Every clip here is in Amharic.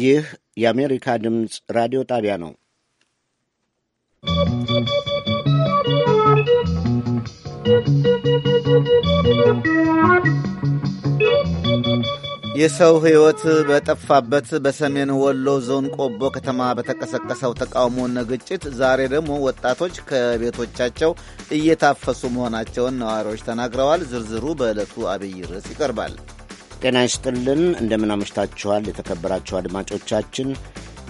ይህ የአሜሪካ ድምፅ ራዲዮ ጣቢያ ነው። የሰው ሕይወት በጠፋበት በሰሜን ወሎ ዞን ቆቦ ከተማ በተቀሰቀሰው ተቃውሞና ግጭት ዛሬ ደግሞ ወጣቶች ከቤቶቻቸው እየታፈሱ መሆናቸውን ነዋሪዎች ተናግረዋል። ዝርዝሩ በዕለቱ አብይ ርዕስ ይቀርባል። ጤና ይስጥልን እንደምናመሽታችኋል የተከበራችሁ አድማጮቻችን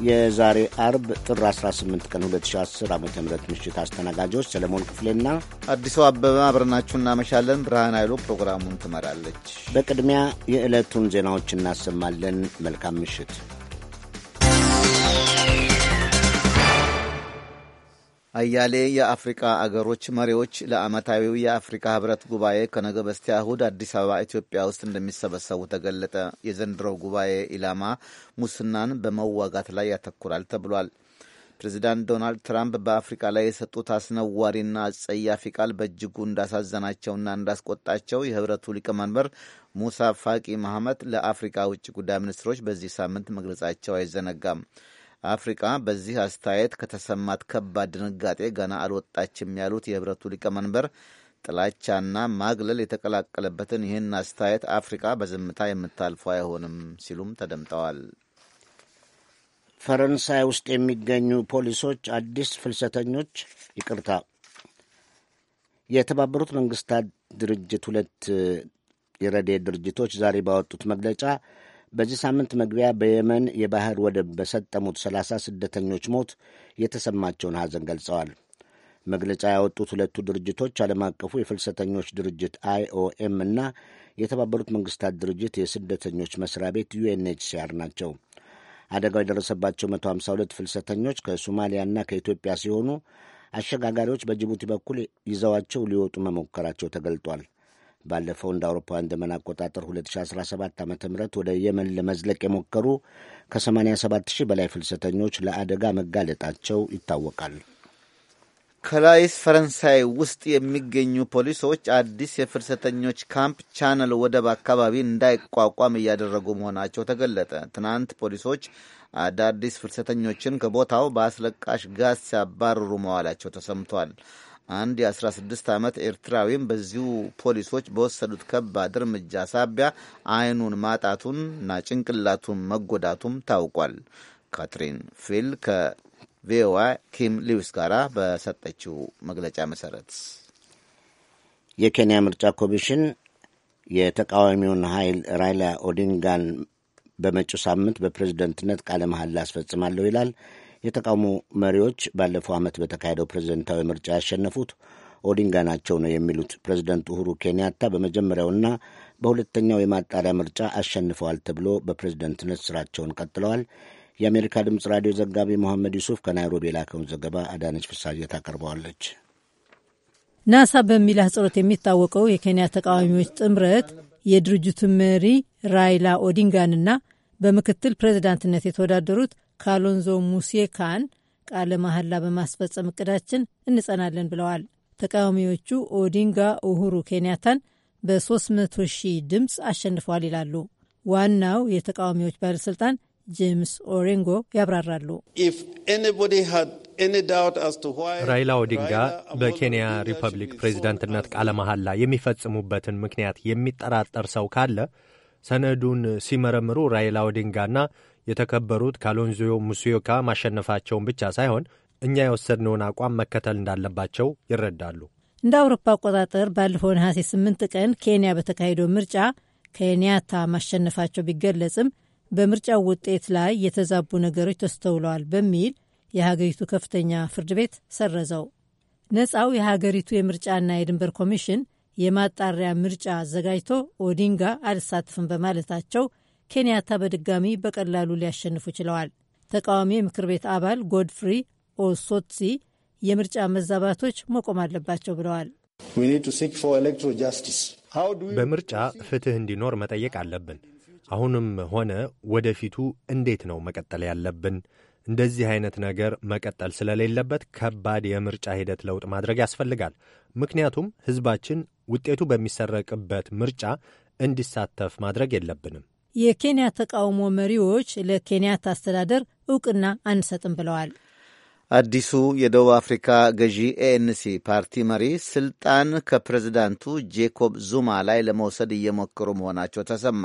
የዛሬ አርብ ጥር 18 ቀን 2010 ዓ ም ምሽት አስተናጋጆች ሰለሞን ክፍሌና አዲሱ አበበ አብረናችሁ እናመሻለን። ብርሃን ኃይሉ ፕሮግራሙን ትመራለች። በቅድሚያ የዕለቱን ዜናዎች እናሰማለን። መልካም ምሽት። አያሌ የአፍሪቃ አገሮች መሪዎች ለዓመታዊው የአፍሪካ ህብረት ጉባኤ ከነገ በስቲያ እሁድ አዲስ አበባ ኢትዮጵያ ውስጥ እንደሚሰበሰቡ ተገለጠ። የዘንድሮው ጉባኤ ኢላማ ሙስናን በመዋጋት ላይ ያተኩራል ተብሏል። ፕሬዚዳንት ዶናልድ ትራምፕ በአፍሪካ ላይ የሰጡት አስነዋሪና አጸያፊ ቃል በእጅጉ እንዳሳዘናቸውና እንዳስቆጣቸው የህብረቱ ሊቀመንበር ሙሳ ፋቂ መሐመድ ለአፍሪካ ውጭ ጉዳይ ሚኒስትሮች በዚህ ሳምንት መግለጻቸው አይዘነጋም። አፍሪቃ በዚህ አስተያየት ከተሰማት ከባድ ድንጋጤ ገና አልወጣችም ያሉት የህብረቱ ሊቀመንበር ጥላቻና ማግለል የተቀላቀለበትን ይህን አስተያየት አፍሪቃ በዝምታ የምታልፈው አይሆንም ሲሉም ተደምጠዋል። ፈረንሳይ ውስጥ የሚገኙ ፖሊሶች አዲስ ፍልሰተኞች ይቅርታ፣ የተባበሩት መንግስታት ድርጅት ሁለት የረድኤት ድርጅቶች ዛሬ ባወጡት መግለጫ በዚህ ሳምንት መግቢያ በየመን የባህር ወደብ በሰጠሙት ሰላሳ ስደተኞች ሞት የተሰማቸውን ሐዘን ገልጸዋል። መግለጫ ያወጡት ሁለቱ ድርጅቶች ዓለም አቀፉ የፍልሰተኞች ድርጅት አይኦኤም እና የተባበሩት መንግስታት ድርጅት የስደተኞች መስሪያ ቤት ዩኤንኤችሲአር ናቸው። አደጋው የደረሰባቸው 152 ፍልሰተኞች ከሶማሊያና ከኢትዮጵያ ሲሆኑ አሸጋጋሪዎች በጅቡቲ በኩል ይዘዋቸው ሊወጡ መሞከራቸው ተገልጧል። ባለፈው እንደ አውሮፓውያን ዘመን አቆጣጠር 2017 ዓ ም ወደ የመን ለመዝለቅ የሞከሩ ከ87 ሺህ በላይ ፍልሰተኞች ለአደጋ መጋለጣቸው ይታወቃል። ከላይስ ፈረንሳይ ውስጥ የሚገኙ ፖሊሶች አዲስ የፍልሰተኞች ካምፕ ቻነል ወደብ አካባቢ እንዳይቋቋም እያደረጉ መሆናቸው ተገለጠ። ትናንት ፖሊሶች አዳዲስ ፍልሰተኞችን ከቦታው በአስለቃሽ ጋዝ ሲያባርሩ መዋላቸው ተሰምቷል። አንድ የ16 ዓመት ኤርትራዊም በዚሁ ፖሊሶች በወሰዱት ከባድ እርምጃ ሳቢያ አይኑን ማጣቱን እና ጭንቅላቱን መጎዳቱም ታውቋል። ካትሪን ፊል ከቪኦኤ ኪም ሊዊስ ጋር በሰጠችው መግለጫ መሰረት የኬንያ ምርጫ ኮሚሽን የተቃዋሚውን ኃይል ራይላ ኦዲንጋን በመጪው ሳምንት በፕሬዝደንትነት ቃለ መሐላ አስፈጽማለሁ ይላል። የተቃውሞ መሪዎች ባለፈው ዓመት በተካሄደው ፕሬዝደንታዊ ምርጫ ያሸነፉት ኦዲንጋ ናቸው ነው የሚሉት ፕሬዝደንት ኡሁሩ ኬንያታ በመጀመሪያውና በሁለተኛው የማጣሪያ ምርጫ አሸንፈዋል ተብሎ በፕሬዝደንትነት ስራቸውን ቀጥለዋል። የአሜሪካ ድምፅ ራዲዮ ዘጋቢ መሐመድ ዩሱፍ ከናይሮቢ የላከውን ዘገባ አዳነች ፍሳዬ ታቀርበዋለች። ናሳ በሚል አጽሮት የሚታወቀው የኬንያ ተቃዋሚዎች ጥምረት የድርጅቱን መሪ ራይላ ኦዲንጋንና በምክትል ፕሬዚዳንትነት የተወዳደሩት ካሎንዞ ሙሴካን ቃለ መሐላ በማስፈጸም እቅዳችን እንጸናለን ብለዋል። ተቃዋሚዎቹ ኦዲንጋ ኡሁሩ ኬንያታን በ300 ሺህ ድምፅ አሸንፈዋል ይላሉ። ዋናው የተቃዋሚዎች ባለሥልጣን ጄምስ ኦሬንጎ ያብራራሉ። ራይላ ኦዲንጋ በኬንያ ሪፐብሊክ ፕሬዚዳንትነት ቃለ መሐላ የሚፈጽሙበትን ምክንያት የሚጠራጠር ሰው ካለ ሰነዱን ሲመረምሩ ራይላ ኦዲንጋና የተከበሩት ካልኦንዞ ሙስዮካ ማሸነፋቸውን ብቻ ሳይሆን እኛ የወሰድነውን አቋም መከተል እንዳለባቸው ይረዳሉ። እንደ አውሮፓ አቆጣጠር ባለፈው ነሐሴ 8 ቀን ኬንያ በተካሄደው ምርጫ ኬንያታ ማሸነፋቸው ቢገለጽም በምርጫው ውጤት ላይ የተዛቡ ነገሮች ተስተውለዋል በሚል የሀገሪቱ ከፍተኛ ፍርድ ቤት ሰረዘው። ነፃው የሀገሪቱ የምርጫና የድንበር ኮሚሽን የማጣሪያ ምርጫ አዘጋጅቶ ኦዲንጋ አልሳትፍም በማለታቸው ኬንያታ በድጋሚ በቀላሉ ሊያሸንፉ ችለዋል። ተቃዋሚ የምክር ቤት አባል ጎድፍሪ ኦሶትሲ የምርጫ መዛባቶች መቆም አለባቸው ብለዋል። በምርጫ ፍትህ እንዲኖር መጠየቅ አለብን። አሁንም ሆነ ወደፊቱ እንዴት ነው መቀጠል ያለብን? እንደዚህ አይነት ነገር መቀጠል ስለሌለበት ከባድ የምርጫ ሂደት ለውጥ ማድረግ ያስፈልጋል። ምክንያቱም ሕዝባችን ውጤቱ በሚሰረቅበት ምርጫ እንዲሳተፍ ማድረግ የለብንም። የኬንያ ተቃውሞ መሪዎች ለኬንያታ አስተዳደር እውቅና አንሰጥም ብለዋል። አዲሱ የደቡብ አፍሪካ ገዢ ኤኤንሲ ፓርቲ መሪ ስልጣን ከፕሬዚዳንቱ ጄኮብ ዙማ ላይ ለመውሰድ እየሞከሩ መሆናቸው ተሰማ።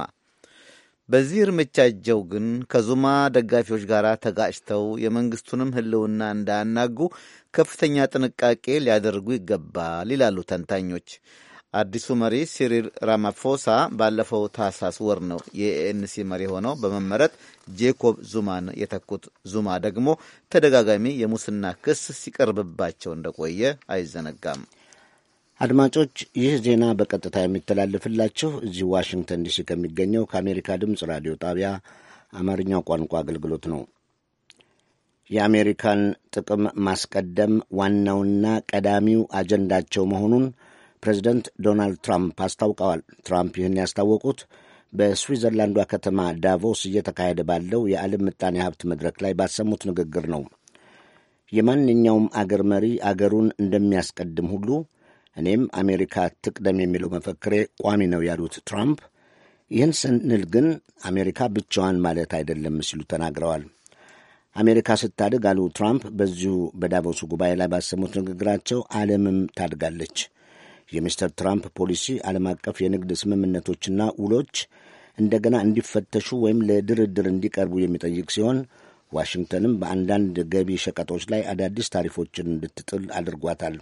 በዚህ እርምጃቸው ግን ከዙማ ደጋፊዎች ጋር ተጋጭተው የመንግስቱንም ሕልውና እንዳያናጉ ከፍተኛ ጥንቃቄ ሊያደርጉ ይገባል ይላሉ ተንታኞች። አዲሱ መሪ ሲሪል ራማፎሳ ባለፈው ታህሳስ ወር ነው የኤንሲ መሪ ሆነው በመመረጥ ጄኮብ ዙማን የተኩት። ዙማ ደግሞ ተደጋጋሚ የሙስና ክስ ሲቀርብባቸው እንደቆየ አይዘነጋም። አድማጮች፣ ይህ ዜና በቀጥታ የሚተላለፍላችሁ እዚህ ዋሽንግተን ዲሲ ከሚገኘው ከአሜሪካ ድምፅ ራዲዮ ጣቢያ አማርኛው ቋንቋ አገልግሎት ነው። የአሜሪካን ጥቅም ማስቀደም ዋናውና ቀዳሚው አጀንዳቸው መሆኑን ፕሬዚደንት ዶናልድ ትራምፕ አስታውቀዋል። ትራምፕ ይህን ያስታወቁት በስዊዘርላንዷ ከተማ ዳቮስ እየተካሄደ ባለው የዓለም ምጣኔ ሀብት መድረክ ላይ ባሰሙት ንግግር ነው። የማንኛውም አገር መሪ አገሩን እንደሚያስቀድም ሁሉ እኔም አሜሪካ ትቅደም የሚለው መፈክሬ ቋሚ ነው ያሉት ትራምፕ ይህን ስንል ግን አሜሪካ ብቻዋን ማለት አይደለም ሲሉ ተናግረዋል። አሜሪካ ስታድግ አሉ ትራምፕ በዚሁ በዳቮሱ ጉባኤ ላይ ባሰሙት ንግግራቸው ዓለምም ታድጋለች። የሚስተር ትራምፕ ፖሊሲ ዓለም አቀፍ የንግድ ስምምነቶችና ውሎች እንደገና እንዲፈተሹ ወይም ለድርድር እንዲቀርቡ የሚጠይቅ ሲሆን ዋሽንግተንም በአንዳንድ ገቢ ሸቀጦች ላይ አዳዲስ ታሪፎችን እንድትጥል አድርጓታል።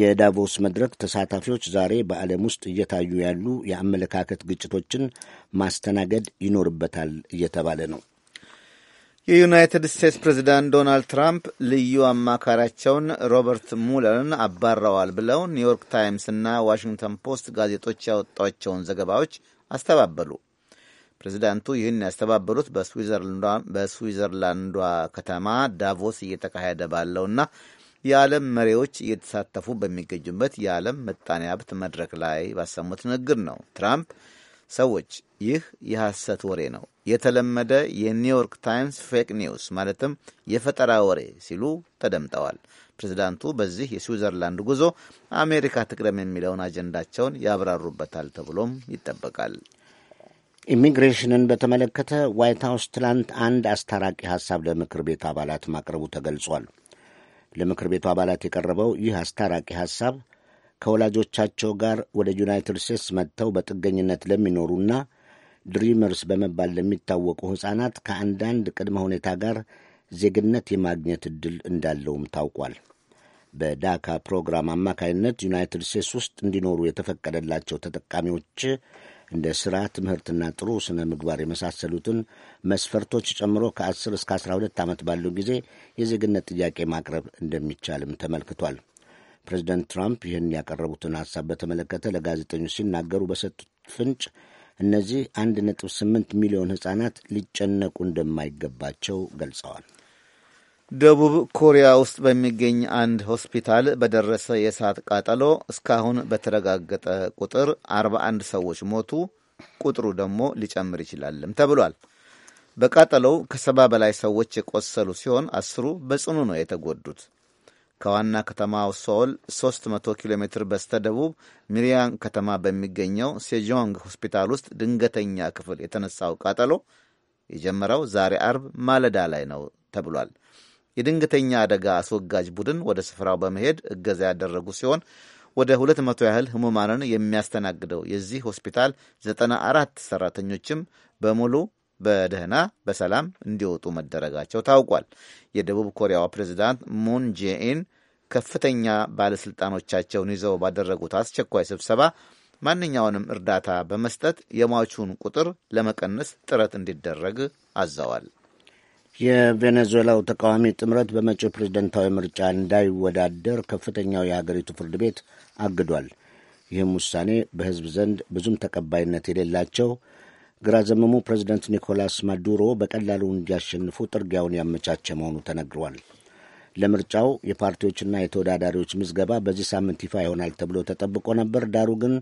የዳቮስ መድረክ ተሳታፊዎች ዛሬ በዓለም ውስጥ እየታዩ ያሉ የአመለካከት ግጭቶችን ማስተናገድ ይኖርበታል እየተባለ ነው። የዩናይትድ ስቴትስ ፕሬዚዳንት ዶናልድ ትራምፕ ልዩ አማካሪያቸውን ሮበርት ሙለርን አባረዋል ብለው ኒውዮርክ ታይምስ እና ዋሽንግተን ፖስት ጋዜጦች ያወጧቸውን ዘገባዎች አስተባበሉ። ፕሬዚዳንቱ ይህን ያስተባበሉት በስዊዘርላንዷ ከተማ ዳቮስ እየተካሄደ ባለውና የዓለም መሪዎች እየተሳተፉ በሚገኙበት የዓለም ምጣኔ ሀብት መድረክ ላይ ባሰሙት ንግግር ነው። ትራምፕ ሰዎች ይህ የሐሰት ወሬ ነው የተለመደ የኒውዮርክ ታይምስ ፌክ ኒውስ ማለትም የፈጠራ ወሬ ሲሉ ተደምጠዋል። ፕሬዚዳንቱ በዚህ የስዊዘርላንድ ጉዞ አሜሪካ ትቅደም የሚለውን አጀንዳቸውን ያብራሩበታል ተብሎም ይጠበቃል። ኢሚግሬሽንን በተመለከተ ዋይት ሀውስ ትላንት አንድ አስታራቂ ሐሳብ ለምክር ቤቱ አባላት ማቅረቡ ተገልጿል። ለምክር ቤቱ አባላት የቀረበው ይህ አስታራቂ ሐሳብ ከወላጆቻቸው ጋር ወደ ዩናይትድ ስቴትስ መጥተው በጥገኝነት ለሚኖሩና ድሪመርስ በመባል ለሚታወቁ ሕፃናት ከአንዳንድ ቅድመ ሁኔታ ጋር ዜግነት የማግኘት ዕድል እንዳለውም ታውቋል። በዳካ ፕሮግራም አማካይነት ዩናይትድ ስቴትስ ውስጥ እንዲኖሩ የተፈቀደላቸው ተጠቃሚዎች እንደ ሥራ፣ ትምህርትና ጥሩ ሥነ ምግባር የመሳሰሉትን መስፈርቶች ጨምሮ ከ10 እስከ 12 ዓመት ባለው ጊዜ የዜግነት ጥያቄ ማቅረብ እንደሚቻልም ተመልክቷል። ፕሬዚደንት ትራምፕ ይህን ያቀረቡትን ሐሳብ በተመለከተ ለጋዜጠኞች ሲናገሩ በሰጡት ፍንጭ እነዚህ 1.8 ሚሊዮን ሕፃናት ሊጨነቁ እንደማይገባቸው ገልጸዋል። ደቡብ ኮሪያ ውስጥ በሚገኝ አንድ ሆስፒታል በደረሰ የእሳት ቃጠሎ እስካሁን በተረጋገጠ ቁጥር 41 ሰዎች ሞቱ። ቁጥሩ ደግሞ ሊጨምር ይችላልም ተብሏል። በቃጠሎው ከሰባ በላይ ሰዎች የቆሰሉ ሲሆን አስሩ በጽኑ ነው የተጎዱት። ከዋና ከተማው ሶል 300 ኪሎ ሜትር በስተ ደቡብ ሚሪያን ከተማ በሚገኘው ሴጆንግ ሆስፒታል ውስጥ ድንገተኛ ክፍል የተነሳው ቃጠሎ የጀመረው ዛሬ አርብ ማለዳ ላይ ነው ተብሏል። የድንገተኛ አደጋ አስወጋጅ ቡድን ወደ ስፍራው በመሄድ እገዛ ያደረጉ ሲሆን ወደ 200 ያህል ህሙማንን የሚያስተናግደው የዚህ ሆስፒታል 94 ሰራተኞችም በሙሉ በደህና በሰላም እንዲወጡ መደረጋቸው ታውቋል። የደቡብ ኮሪያዋ ፕሬዚዳንት ሙን ጄኢን ከፍተኛ ባለሥልጣኖቻቸውን ይዘው ባደረጉት አስቸኳይ ስብሰባ ማንኛውንም እርዳታ በመስጠት የሟቹን ቁጥር ለመቀነስ ጥረት እንዲደረግ አዘዋል። የቬኔዙዌላው ተቃዋሚ ጥምረት በመጪው ፕሬዝደንታዊ ምርጫ እንዳይወዳደር ከፍተኛው የሀገሪቱ ፍርድ ቤት አግዷል። ይህም ውሳኔ በሕዝብ ዘንድ ብዙም ተቀባይነት የሌላቸው ግራ ዘመሙ ፕሬዚደንት ኒኮላስ ማዱሮ በቀላሉ እንዲያሸንፉ ጥርጊያውን ያመቻቸ መሆኑ ተነግሯል። ለምርጫው የፓርቲዎችና የተወዳዳሪዎች ምዝገባ በዚህ ሳምንት ይፋ ይሆናል ተብሎ ተጠብቆ ነበር። ዳሩ ግን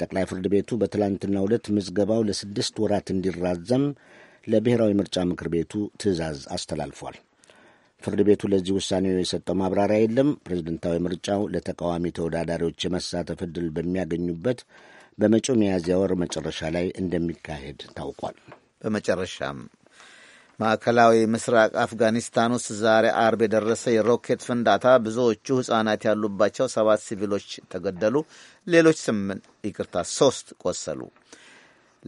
ጠቅላይ ፍርድ ቤቱ በትላንትና ዕለት ምዝገባው ለስድስት ወራት እንዲራዘም ለብሔራዊ ምርጫ ምክር ቤቱ ትዕዛዝ አስተላልፏል። ፍርድ ቤቱ ለዚህ ውሳኔው የሰጠው ማብራሪያ የለም። ፕሬዝደንታዊ ምርጫው ለተቃዋሚ ተወዳዳሪዎች የመሳተፍ ዕድል በሚያገኙበት በመጪው ሚያዝያ ወር መጨረሻ ላይ እንደሚካሄድ ታውቋል። በመጨረሻም ማዕከላዊ ምስራቅ አፍጋኒስታን ውስጥ ዛሬ አርብ የደረሰ የሮኬት ፍንዳታ ብዙዎቹ ሕፃናት ያሉባቸው ሰባት ሲቪሎች ተገደሉ፣ ሌሎች ስምንት ይቅርታ ሶስት ቆሰሉ።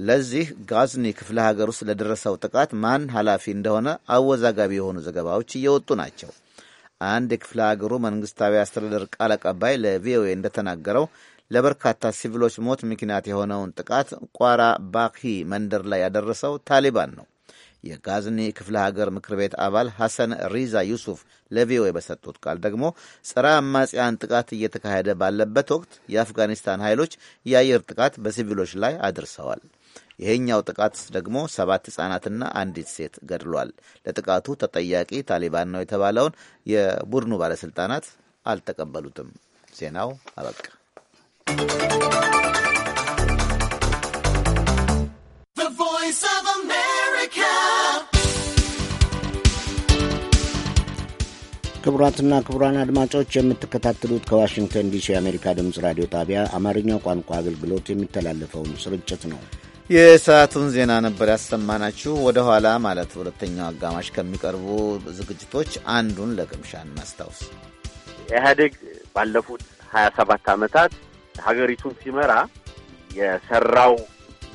ለዚህ ጋዝኒ ክፍለ ሀገር ውስጥ ለደረሰው ጥቃት ማን ኃላፊ እንደሆነ አወዛጋቢ የሆኑ ዘገባዎች እየወጡ ናቸው። አንድ የክፍለ ሀገሩ መንግስታዊ አስተዳደር ቃል አቀባይ ለቪኦኤ እንደተናገረው ለበርካታ ሲቪሎች ሞት ምክንያት የሆነውን ጥቃት ቋራ ባኪ መንደር ላይ ያደረሰው ታሊባን ነው። የጋዝኒ ክፍለ ሀገር ምክር ቤት አባል ሐሰን ሪዛ ዩሱፍ ለቪኦኤ በሰጡት ቃል ደግሞ ጸረ አማጽያን ጥቃት እየተካሄደ ባለበት ወቅት የአፍጋኒስታን ኃይሎች የአየር ጥቃት በሲቪሎች ላይ አድርሰዋል። ይሄኛው ጥቃት ደግሞ ሰባት ሕፃናትና አንዲት ሴት ገድሏል። ለጥቃቱ ተጠያቂ ታሊባን ነው የተባለውን የቡድኑ ባለሥልጣናት አልተቀበሉትም። ዜናው አበቃ። ክቡራትና ክቡራን አድማጮች የምትከታተሉት ከዋሽንግተን ዲሲ የአሜሪካ ድምፅ ራዲዮ ጣቢያ አማርኛው ቋንቋ አገልግሎት የሚተላለፈውን ስርጭት ነው። የሰዓቱን ዜና ነበር ያሰማናችሁ። ወደ ኋላ ማለት ሁለተኛው አጋማሽ ከሚቀርቡ ዝግጅቶች አንዱን ለቅምሻ እናስታውስ። ኢህአዴግ ባለፉት ሀያ ሰባት ዓመታት ሀገሪቱን ሲመራ የሰራው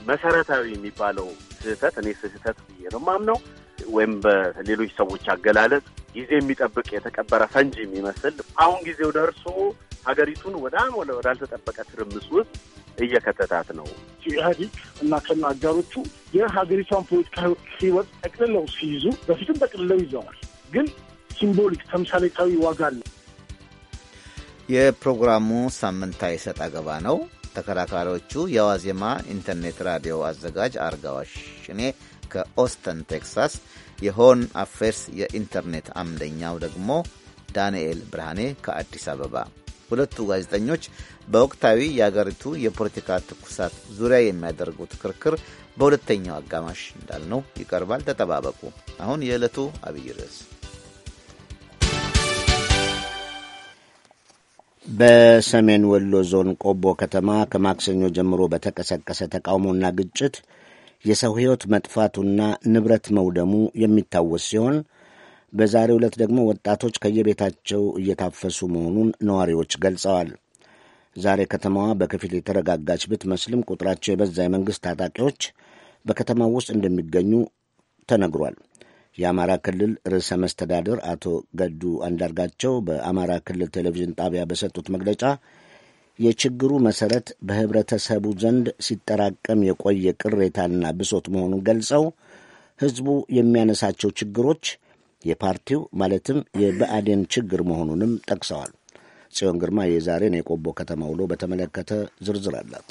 መሰረታዊ የሚባለው ስህተት እኔ ስህተት ብዬ ነው የማምነው ወይም በሌሎች ሰዎች አገላለጽ ጊዜ የሚጠብቅ የተቀበረ ፈንጂ የሚመስል አሁን ጊዜው ደርሶ ሀገሪቱን ወዳም ወዳልተጠበቀ ትርምስ ውስጥ እየከተታት ነው። ኢህአዴግ እና ከና አጋሮቹ የሀገሪቷን ፖለቲካ ሕይወት ጠቅልለው ሲይዙ በፊትም ጠቅልለው ይዘዋል። ግን ሲምቦሊክ ተምሳሌታዊ ዋጋ አለ። የፕሮግራሙ ሳምንታዊ ሰጥ አገባ ነው። ተከራካሪዎቹ የዋዜማ ኢንተርኔት ራዲዮ አዘጋጅ አርጋዋሽ ሽኔ ከኦስተን ቴክሳስ፣ የሆን አፌርስ የኢንተርኔት አምደኛው ደግሞ ዳንኤል ብርሃኔ ከአዲስ አበባ። ሁለቱ ጋዜጠኞች በወቅታዊ የአገሪቱ የፖለቲካ ትኩሳት ዙሪያ የሚያደርጉት ክርክር በሁለተኛው አጋማሽ እንዳልነው ይቀርባል። ተጠባበቁ። አሁን የዕለቱ አብይ ርዕስ በሰሜን ወሎ ዞን ቆቦ ከተማ ከማክሰኞ ጀምሮ በተቀሰቀሰ ተቃውሞና ግጭት የሰው ሕይወት መጥፋቱና ንብረት መውደሙ የሚታወስ ሲሆን በዛሬ ዕለት ደግሞ ወጣቶች ከየቤታቸው እየታፈሱ መሆኑን ነዋሪዎች ገልጸዋል። ዛሬ ከተማዋ በከፊል የተረጋጋች ብትመስልም ቁጥራቸው የበዛ የመንግሥት ታጣቂዎች በከተማው ውስጥ እንደሚገኙ ተነግሯል። የአማራ ክልል ርዕሰ መስተዳድር አቶ ገዱ አንዳርጋቸው በአማራ ክልል ቴሌቪዥን ጣቢያ በሰጡት መግለጫ የችግሩ መሰረት በህብረተሰቡ ዘንድ ሲጠራቀም የቆየ ቅሬታና ብሶት መሆኑን ገልጸው ህዝቡ የሚያነሳቸው ችግሮች የፓርቲው ማለትም የብአዴን ችግር መሆኑንም ጠቅሰዋል። ጽዮን ግርማ የዛሬን የቆቦ ከተማ ውሎ በተመለከተ ዝርዝር አላት።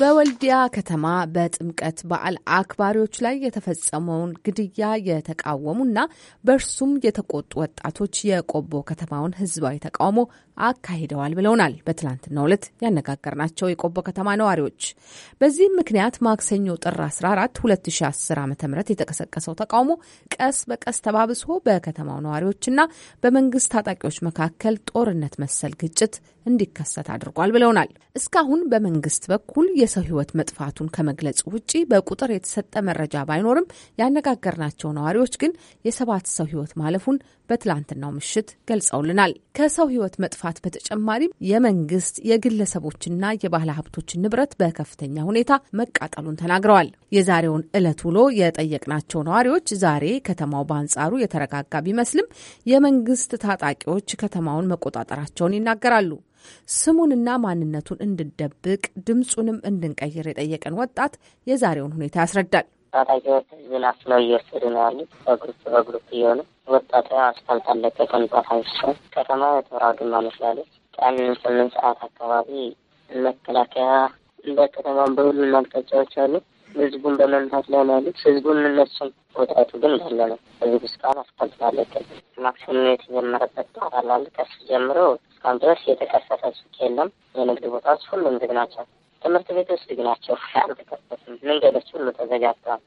በወልዲያ ከተማ በጥምቀት በዓል አክባሪዎች ላይ የተፈጸመውን ግድያ የተቃወሙና በእርሱም የተቆጡ ወጣቶች የቆቦ ከተማውን ሕዝባዊ ተቃውሞ አካሂደዋል ብለውናል። በትላንትናው ዕለት ያነጋገርናቸው የቆቦ ከተማ ነዋሪዎች በዚህም ምክንያት ማክሰኞ ጥር 14 2010 ዓ ም የተቀሰቀሰው ተቃውሞ ቀስ በቀስ ተባብሶ በከተማው ነዋሪዎችና በመንግስት ታጣቂዎች መካከል ጦርነት መሰል ግጭት እንዲከሰት አድርጓል ብለውናል። እስካሁን በመንግስት በኩል የሰው ሕይወት መጥፋቱን ከመግለጽ ውጪ በቁጥር የተሰጠ መረጃ ባይኖርም ያነጋገርናቸው ነዋሪዎች ግን የሰባት ሰው ሕይወት ማለፉን በትላንትናው ምሽት ገልጸውልናል። ከሰው ህይወት መጥፋት በተጨማሪም የመንግስት የግለሰቦችና የባህል ሀብቶች ንብረት በከፍተኛ ሁኔታ መቃጠሉን ተናግረዋል። የዛሬውን ዕለት ውሎ የጠየቅናቸው ነዋሪዎች ዛሬ ከተማው በአንጻሩ የተረጋጋ ቢመስልም የመንግስት ታጣቂዎች ከተማውን መቆጣጠራቸውን ይናገራሉ። ስሙንና ማንነቱን እንድደብቅ ድምፁንም እንድንቀይር የጠየቀን ወጣት የዛሬውን ሁኔታ ያስረዳል። ታጣቂዎች እየወሰዱ ነው ያሉት። በግሩፕ በግሩፕ እየሆኑ ወጣቱ አስፋልት አለቀ ከተማ መስላለች። ቀን ስምንት ሰዓት አካባቢ መከላከያ በሁሉም አቅጣጫዎች አሉ። ህዝቡን በመምታት ላይ ነው ያሉት። ህዝቡን እነሱም ወጣቱ ግን እንዳለ ነው። ህዝቡ እስካሁን አስፋልት አለቀ። ማክሰኞ የተጀመረበት ጠዋት ከሱ ጀምሮ እስካሁን ድረስ የተከፈተ ሱቅ የለም። የንግድ ቦታዎች ሁሉም ዝግ ናቸው። ትምህርት ቤቶች ዝግ ናቸው። አልተከፈቱም። መንገዶች ሁሉ ተዘጋግተዋል።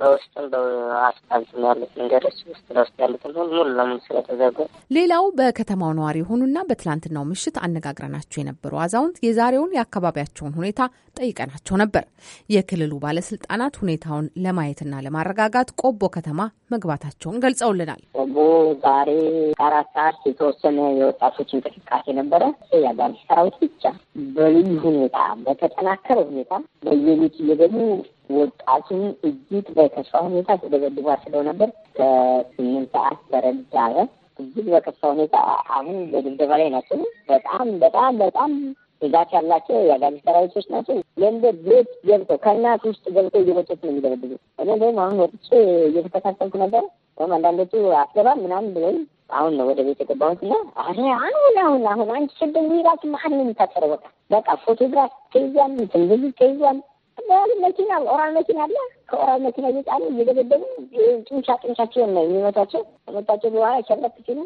በውስጥም በአስፋልትም ያሉት መንገዶች ውስጥ ለውስጥ ያሉትን ሙሉ ለሙሉ ስለተዘጉ፣ ሌላው በከተማው ነዋሪ የሆኑና በትላንትናው ምሽት አነጋግረናቸው የነበሩ አዛውንት የዛሬውን የአካባቢያቸውን ሁኔታ ጠይቀናቸው ነበር። የክልሉ ባለስልጣናት ሁኔታውን ለማየትና ለማረጋጋት ቆቦ ከተማ መግባታቸውን ገልጸውልናል። ቆቦ ዛሬ አራት ሰዓት የተወሰነ የወጣቶች እንቅስቃሴ ነበረ። የአጋንንት ሰራዊት ብቻ በልዩ ሁኔታ በተጠናከረ ሁኔታ በየቤት እየገቡ ወጣቱን እጅግ በከፋ ሁኔታ ተደበድቧ ነበር። ከስምንት ሰዓት ተረዳበ። እጅግ በከፋ ሁኔታ አሁን በድብደባ ላይ ናቸው። በጣም በጣም በጣም ብዛት ያላቸው የአጋዚ ሰራዊቶች ናቸው። ለእንደ ቤት ገብተው ከእናት ውስጥ ገብተው እየመጡት ነው የሚደበድቡ። እኔ ደግሞ አሁን ወጥቼ እየተከታተልኩ ነበር። ወይም አንዳንዶቹ አስገባ ምናምን ብለኝ አሁን ነው ወደ ቤት የገባሁት እና አሁን አሁን አሁን አንቺ ስደኝ ራሱ መሀል ነው የምታጠረው በቃ በቃ ፎቶግራፍ ከይዟል፣ ትንብዙ ከይዟል ኦራል መኪና ኦራል መኪና አለ። ከኦራል መኪና እየጫኑ እየደበደቡ ጡንቻ ጡንቻቸው ነው የሚመታቸው። ከመጣቸው በኋላ ሸብረት ሲሉ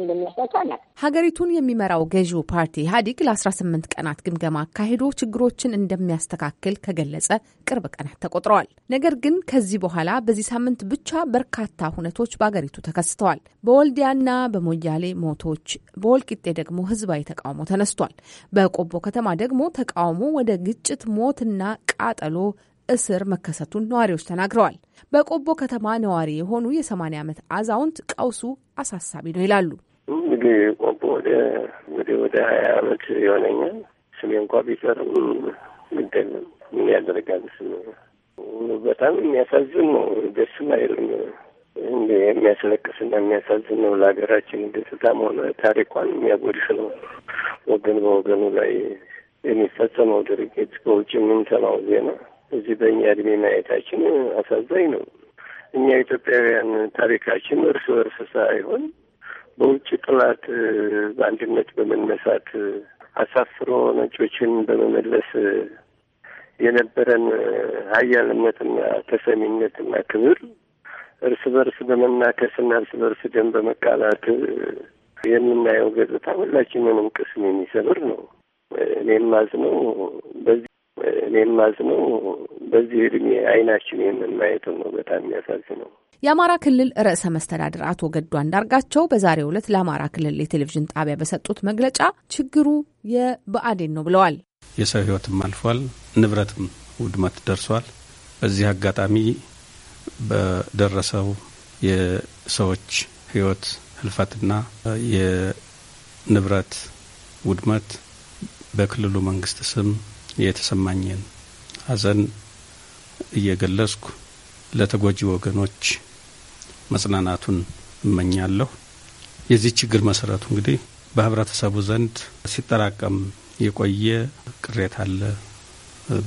እንደሚያስታቸው ሀገሪቱን የሚመራው ገዢው ፓርቲ ኢህአዴግ ለ18 ቀናት ግምገማ አካሂዶ ችግሮችን እንደሚያስተካክል ከገለጸ ቅርብ ቀናት ተቆጥረዋል። ነገር ግን ከዚህ በኋላ በዚህ ሳምንት ብቻ በርካታ ሁነቶች በሀገሪቱ ተከስተዋል። በወልዲያና በሞያሌ ሞቶች፣ በወልቂጤ ደግሞ ህዝባዊ ተቃውሞ ተነስቷል። በቆቦ ከተማ ደግሞ ተቃውሞ ወደ ግጭት ሞትና ቃጠሎ እስር መከሰቱን ነዋሪዎች ተናግረዋል። በቆቦ ከተማ ነዋሪ የሆኑ የሰማንያ ዓመት አዛውንት ቀውሱ አሳሳቢ ነው ይላሉ። እንግዲህ ቆቦ ወደ ወደ ወደ ሀያ ዓመት የሆነኛል ስሜ እንኳ ቢቀርም ምንድነው ምን ያደርጋል ስሜ በጣም የሚያሳዝን ነው። ደስም አይልም። የሚያስለቅስና የሚያሳዝን ነው። ለሀገራችን ገጽታም ሆነ ታሪኳን የሚያጎድፍ ነው። ወገን በወገኑ ላይ የሚፈጸመው ድርጊት፣ በውጭ የምንሰማው ዜና እዚህ በእኛ እድሜ ማየታችን አሳዛኝ ነው። እኛ ኢትዮጵያውያን ታሪካችን እርስ በርስ ሳይሆን በውጭ ጥላት በአንድነት በመነሳት አሳፍሮ ነጮችን በመመለስ የነበረን ሀያልነትና ተሰሚነትና ክብር እርስ በርስ በመናከስና እርስ በርስ ደም በመቃላት የምናየው ገጽታ ሁላችንንም ቅስም የሚሰብር ነው። እኔም ማዝነው በዚህ እኔ የማዝነው በዚህ እድሜ አይናችን ይህንን ማየትም ነው በጣም የሚያሳዝነው። የአማራ ክልል ርዕሰ መስተዳድር አቶ ገዱ አንዳርጋቸው በዛሬው ዕለት ለአማራ ክልል የቴሌቪዥን ጣቢያ በሰጡት መግለጫ ችግሩ የብአዴን ነው ብለዋል። የሰው ህይወትም አልፏል፣ ንብረትም ውድመት ደርሷል። በዚህ አጋጣሚ በደረሰው የሰዎች ህይወት ህልፈትና የንብረት ውድመት በክልሉ መንግስት ስም የተሰማኝን ሐዘን እየገለጽኩ ለተጎጂ ወገኖች መጽናናቱን እመኛለሁ። የዚህ ችግር መሰረቱ እንግዲህ በህብረተሰቡ ዘንድ ሲጠራቀም የቆየ ቅሬታ አለ፣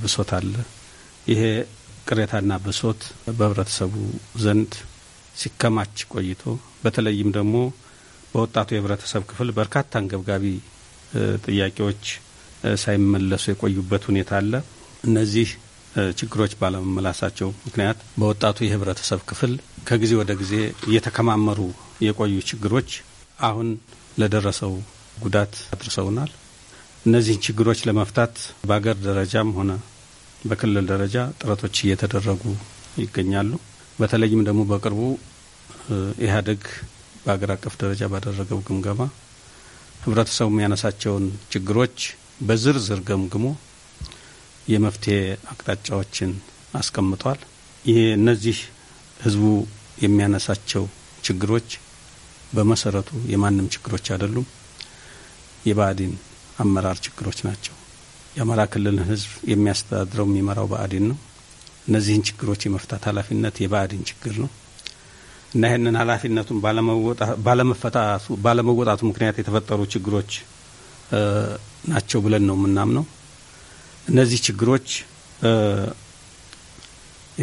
ብሶት አለ። ይሄ ቅሬታና ብሶት በህብረተሰቡ ዘንድ ሲከማች ቆይቶ በተለይም ደግሞ በወጣቱ የህብረተሰብ ክፍል በርካታ አንገብጋቢ ጥያቄዎች ሳይመለሱ የቆዩበት ሁኔታ አለ። እነዚህ ችግሮች ባለመመላሳቸው ምክንያት በወጣቱ የህብረተሰብ ክፍል ከጊዜ ወደ ጊዜ እየተከማመሩ የቆዩ ችግሮች አሁን ለደረሰው ጉዳት አድርሰውናል። እነዚህን ችግሮች ለመፍታት በአገር ደረጃም ሆነ በክልል ደረጃ ጥረቶች እየተደረጉ ይገኛሉ። በተለይም ደግሞ በቅርቡ ኢህአዴግ በአገር አቀፍ ደረጃ ባደረገው ግምገማ ህብረተሰቡ የሚያነሳቸውን ችግሮች በዝርዝር ገምግሞ የመፍትሄ አቅጣጫዎችን አስቀምጧል። እነዚህ ህዝቡ የሚያነሳቸው ችግሮች በመሰረቱ የማንም ችግሮች አይደሉም። የብአዴን አመራር ችግሮች ናቸው። የአማራ ክልልን ህዝብ የሚያስተዳድረው የሚመራው ብአዴን ነው። እነዚህን ችግሮች የመፍታት ኃላፊነት የብአዴን ችግር ነው እና ይህንን ኃላፊነቱን ባለመወጣቱ ምክንያት የተፈጠሩ ችግሮች ናቸው ብለን ነው የምናምነው። እነዚህ ችግሮች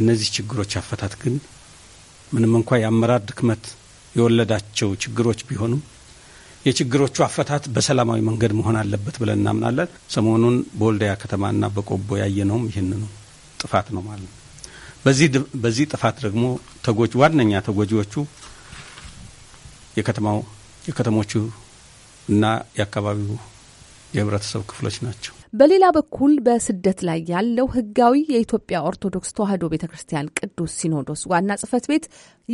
እነዚህ ችግሮች አፈታት ግን ምንም እንኳ የአመራር ድክመት የወለዳቸው ችግሮች ቢሆኑም የችግሮቹ አፈታት በሰላማዊ መንገድ መሆን አለበት ብለን እናምናለን። ሰሞኑን በወልዳያ ከተማና በቆቦ ያየነውም ይህንኑ ጥፋት ነው ማለት ነው። በዚህ ጥፋት ደግሞ ዋነኛ ተጎጂዎቹ የከተማው የከተሞቹ እና የአካባቢው የህብረተሰብ ክፍሎች ናቸው። በሌላ በኩል በስደት ላይ ያለው ህጋዊ የኢትዮጵያ ኦርቶዶክስ ተዋሕዶ ቤተ ክርስቲያን ቅዱስ ሲኖዶስ ዋና ጽህፈት ቤት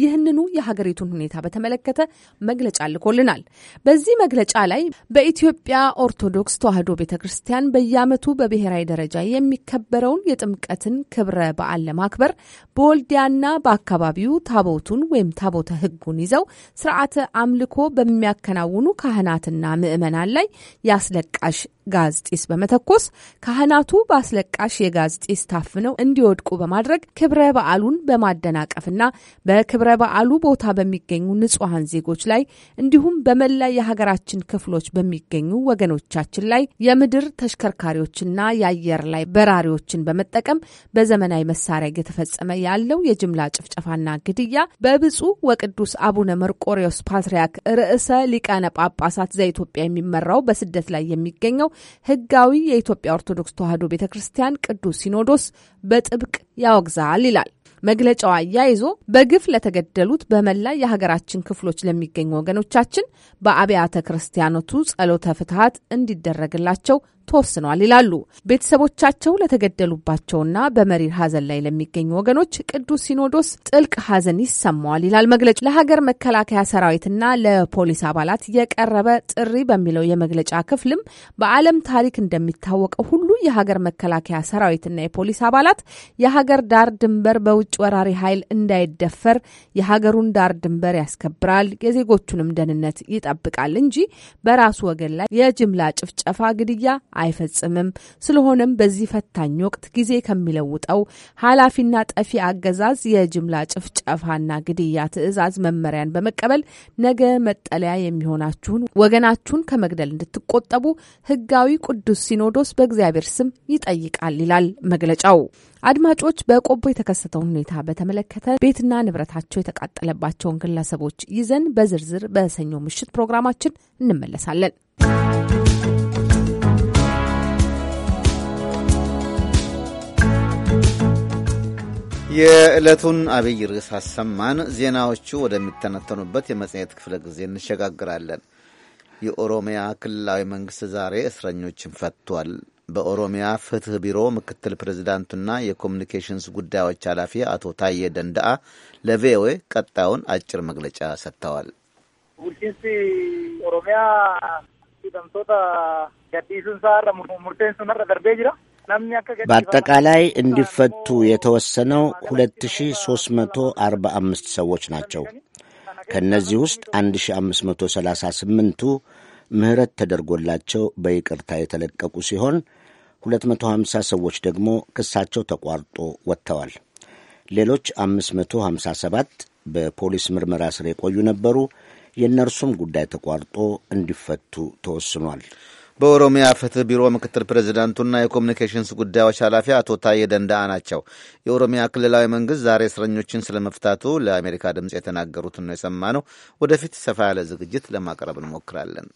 ይህንኑ የሀገሪቱን ሁኔታ በተመለከተ መግለጫ ልኮልናል። በዚህ መግለጫ ላይ በኢትዮጵያ ኦርቶዶክስ ተዋሕዶ ቤተ ክርስቲያን በየዓመቱ በብሔራዊ ደረጃ የሚከበረውን የጥምቀትን ክብረ በዓል ለማክበር በወልዲያና በአካባቢው ታቦቱን ወይም ታቦተ ህጉን ይዘው ስርዓተ አምልኮ በሚያከናውኑ ካህናትና ምዕመናን ላይ የአስለቃሽ ጋዝ ጢስ በመተኮ በመተኮስ ካህናቱ በአስለቃሽ የጋዝ ጢስ ታፍነው እንዲወድቁ በማድረግ ክብረ በዓሉን በማደናቀፍና በክብረ በዓሉ ቦታ በሚገኙ ንጹሐን ዜጎች ላይ እንዲሁም በመላ የሀገራችን ክፍሎች በሚገኙ ወገኖቻችን ላይ የምድር ተሽከርካሪዎችና የአየር ላይ በራሪዎችን በመጠቀም በዘመናዊ መሳሪያ እየተፈጸመ ያለው የጅምላ ጭፍጨፋና ግድያ በብፁዕ ወቅዱስ አቡነ መርቆሪዎስ ፓትርያርክ ርዕሰ ሊቃነ ጳጳሳት ዘኢትዮጵያ የሚመራው በስደት ላይ የሚገኘው ህጋዊ የኢትዮጵያ ኦርቶዶክስ ተዋሕዶ ቤተ ክርስቲያን ቅዱስ ሲኖዶስ በጥብቅ ያወግዛል ይላል መግለጫው። አያይዞ በግፍ ለተገደሉት በመላ የሀገራችን ክፍሎች ለሚገኙ ወገኖቻችን በአብያተ ክርስቲያኖቱ ጸሎተ ፍትሐት እንዲደረግላቸው ተወስኗል ይላሉ። ቤተሰቦቻቸው ለተገደሉባቸውና በመሪር ሀዘን ላይ ለሚገኙ ወገኖች ቅዱስ ሲኖዶስ ጥልቅ ሀዘን ይሰማዋል ይላል መግለጫ። ለሀገር መከላከያ ሰራዊትና ለፖሊስ አባላት የቀረበ ጥሪ በሚለው የመግለጫ ክፍልም በዓለም ታሪክ እንደሚታወቀው ሁሉ የሀገር መከላከያ ሰራዊትና የፖሊስ አባላት የሀገር ዳር ድንበር በውጭ ወራሪ ኃይል እንዳይደፈር የሀገሩን ዳር ድንበር ያስከብራል፣ የዜጎቹንም ደህንነት ይጠብቃል እንጂ በራሱ ወገን ላይ የጅምላ ጭፍጨፋ፣ ግድያ፣ አይፈጽምም። ስለሆነም በዚህ ፈታኝ ወቅት ጊዜ ከሚለውጠው ኃላፊና ጠፊ አገዛዝ የጅምላ ጭፍጨፋና ግድያ ትዕዛዝ መመሪያን በመቀበል ነገ መጠለያ የሚሆናችሁን ወገናችሁን ከመግደል እንድትቆጠቡ ሕጋዊ ቅዱስ ሲኖዶስ በእግዚአብሔር ስም ይጠይቃል ይላል መግለጫው። አድማጮች በቆቦ የተከሰተውን ሁኔታ በተመለከተ ቤትና ንብረታቸው የተቃጠለባቸውን ግለሰቦች ይዘን በዝርዝር በሰኞ ምሽት ፕሮግራማችን እንመለሳለን። የዕለቱን አብይ ርዕስ አሰማን። ዜናዎቹ ወደሚተነተኑበት የመጽሔት ክፍለ ጊዜ እንሸጋግራለን። የኦሮሚያ ክልላዊ መንግሥት ዛሬ እስረኞችን ፈቷል። በኦሮሚያ ፍትህ ቢሮ ምክትል ፕሬዚዳንቱና የኮሚኒኬሽንስ ጉዳዮች ኃላፊ አቶ ታዬ ደንዳአ ለቪኦኤ ቀጣዩን አጭር መግለጫ ሰጥተዋል። ኦሮሚያ ደምሶታ ገዲሱን ሳራ ሙርቴንሱን ደርቤ ጅራ በአጠቃላይ እንዲፈቱ የተወሰነው 2345 ሰዎች ናቸው። ከእነዚህ ውስጥ 1538ቱ ምህረት ተደርጎላቸው በይቅርታ የተለቀቁ ሲሆን 250 ሰዎች ደግሞ ክሳቸው ተቋርጦ ወጥተዋል። ሌሎች 557 በፖሊስ ምርመራ ስር የቆዩ ነበሩ። የእነርሱም ጉዳይ ተቋርጦ እንዲፈቱ ተወስኗል። በኦሮሚያ ፍትህ ቢሮ ምክትል ፕሬዚዳንቱና የኮሚኒኬሽንስ ጉዳዮች ኃላፊ አቶ ታዬ ደንዳአ ናቸው። የኦሮሚያ ክልላዊ መንግስት ዛሬ እስረኞችን ስለመፍታቱ ለአሜሪካ ድምፅ የተናገሩትን ነው የሰማነው። ወደፊት ሰፋ ያለ ዝግጅት ለማቅረብ እንሞክራለን።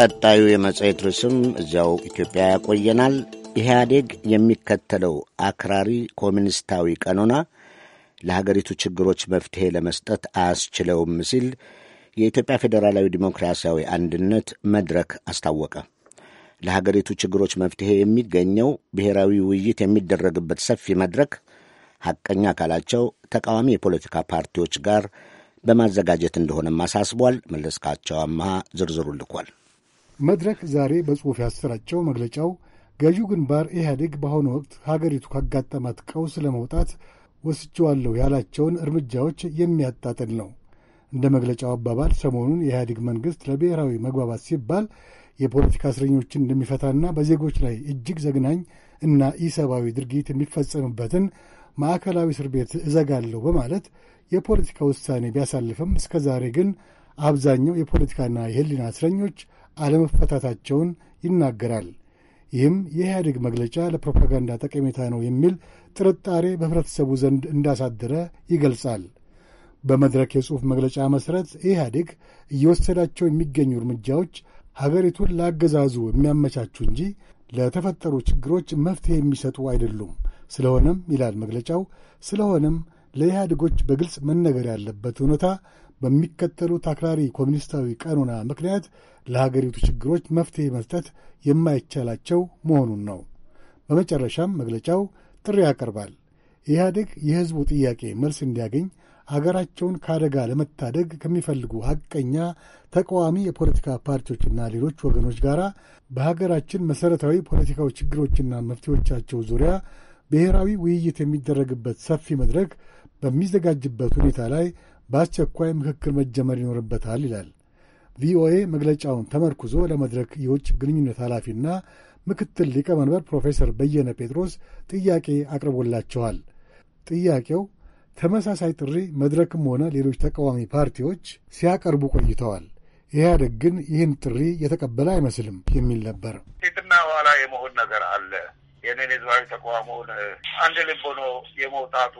ቀጣዩ የመጽሔት ርዕስም እዚያው ኢትዮጵያ ያቆየናል። ኢህአዴግ የሚከተለው አክራሪ ኮሚኒስታዊ ቀኖና ለሀገሪቱ ችግሮች መፍትሄ ለመስጠት አያስችለውም ሲል የኢትዮጵያ ፌዴራላዊ ዲሞክራሲያዊ አንድነት መድረክ አስታወቀ። ለሀገሪቱ ችግሮች መፍትሄ የሚገኘው ብሔራዊ ውይይት የሚደረግበት ሰፊ መድረክ ሐቀኛ ካላቸው ተቃዋሚ የፖለቲካ ፓርቲዎች ጋር በማዘጋጀት እንደሆነም አሳስቧል። መለስካቸው አመሃ ዝርዝሩ ልኳል። መድረክ ዛሬ በጽሑፍ ያሰራጨው መግለጫው ገዢው ግንባር ኢህአዴግ በአሁኑ ወቅት ሀገሪቱ ካጋጠማት ቀውስ ለመውጣት ወስጀዋለሁ ያላቸውን እርምጃዎች የሚያጣጥል ነው። እንደ መግለጫው አባባል ሰሞኑን የኢህአዴግ መንግሥት ለብሔራዊ መግባባት ሲባል የፖለቲካ እስረኞችን እንደሚፈታና በዜጎች ላይ እጅግ ዘግናኝ እና ኢሰብአዊ ድርጊት የሚፈጸምበትን ማዕከላዊ እስር ቤት እዘጋለሁ በማለት የፖለቲካ ውሳኔ ቢያሳልፍም እስከ ዛሬ ግን አብዛኛው የፖለቲካና የህሊና እስረኞች አለመፈታታቸውን ይናገራል። ይህም የኢህአዴግ መግለጫ ለፕሮፓጋንዳ ጠቀሜታ ነው የሚል ጥርጣሬ በህብረተሰቡ ዘንድ እንዳሳደረ ይገልጻል። በመድረክ የጽሑፍ መግለጫ መሠረት ኢህአዴግ እየወሰዳቸው የሚገኙ እርምጃዎች ሀገሪቱን ለአገዛዙ የሚያመቻቹ እንጂ ለተፈጠሩ ችግሮች መፍትሄ የሚሰጡ አይደሉም። ስለሆነም ይላል መግለጫው፣ ስለሆነም ለኢህአዴጎች በግልጽ መነገር ያለበት እውነታ በሚከተሉት አክራሪ ኮሚኒስታዊ ቀኖና ምክንያት ለሀገሪቱ ችግሮች መፍትሄ መስጠት የማይቻላቸው መሆኑን ነው። በመጨረሻም መግለጫው ጥሪ ያቀርባል። ኢህአዴግ የሕዝቡ ጥያቄ መልስ እንዲያገኝ አገራቸውን ከአደጋ ለመታደግ ከሚፈልጉ ሐቀኛ ተቃዋሚ የፖለቲካ ፓርቲዎችና ሌሎች ወገኖች ጋር በሀገራችን መሠረታዊ ፖለቲካዊ ችግሮችና መፍትሄዎቻቸው ዙሪያ ብሔራዊ ውይይት የሚደረግበት ሰፊ መድረክ በሚዘጋጅበት ሁኔታ ላይ በአስቸኳይ ምክክር መጀመር ይኖርበታል ይላል። ቪኦኤ መግለጫውን ተመርኩዞ ለመድረክ የውጭ ግንኙነት ኃላፊና ምክትል ሊቀመንበር ፕሮፌሰር በየነ ጴጥሮስ ጥያቄ አቅርቦላቸዋል። ጥያቄው ተመሳሳይ ጥሪ መድረክም ሆነ ሌሎች ተቃዋሚ ፓርቲዎች ሲያቀርቡ ቆይተዋል። ኢህአደግ ግን ይህን ጥሪ የተቀበለ አይመስልም የሚል ነበር። ፊትና ኋላ የመሆን ነገር አለ። የኔን ህዝባዊ ተቋሙን አንድ ልብ ሆኖ የመውጣቱ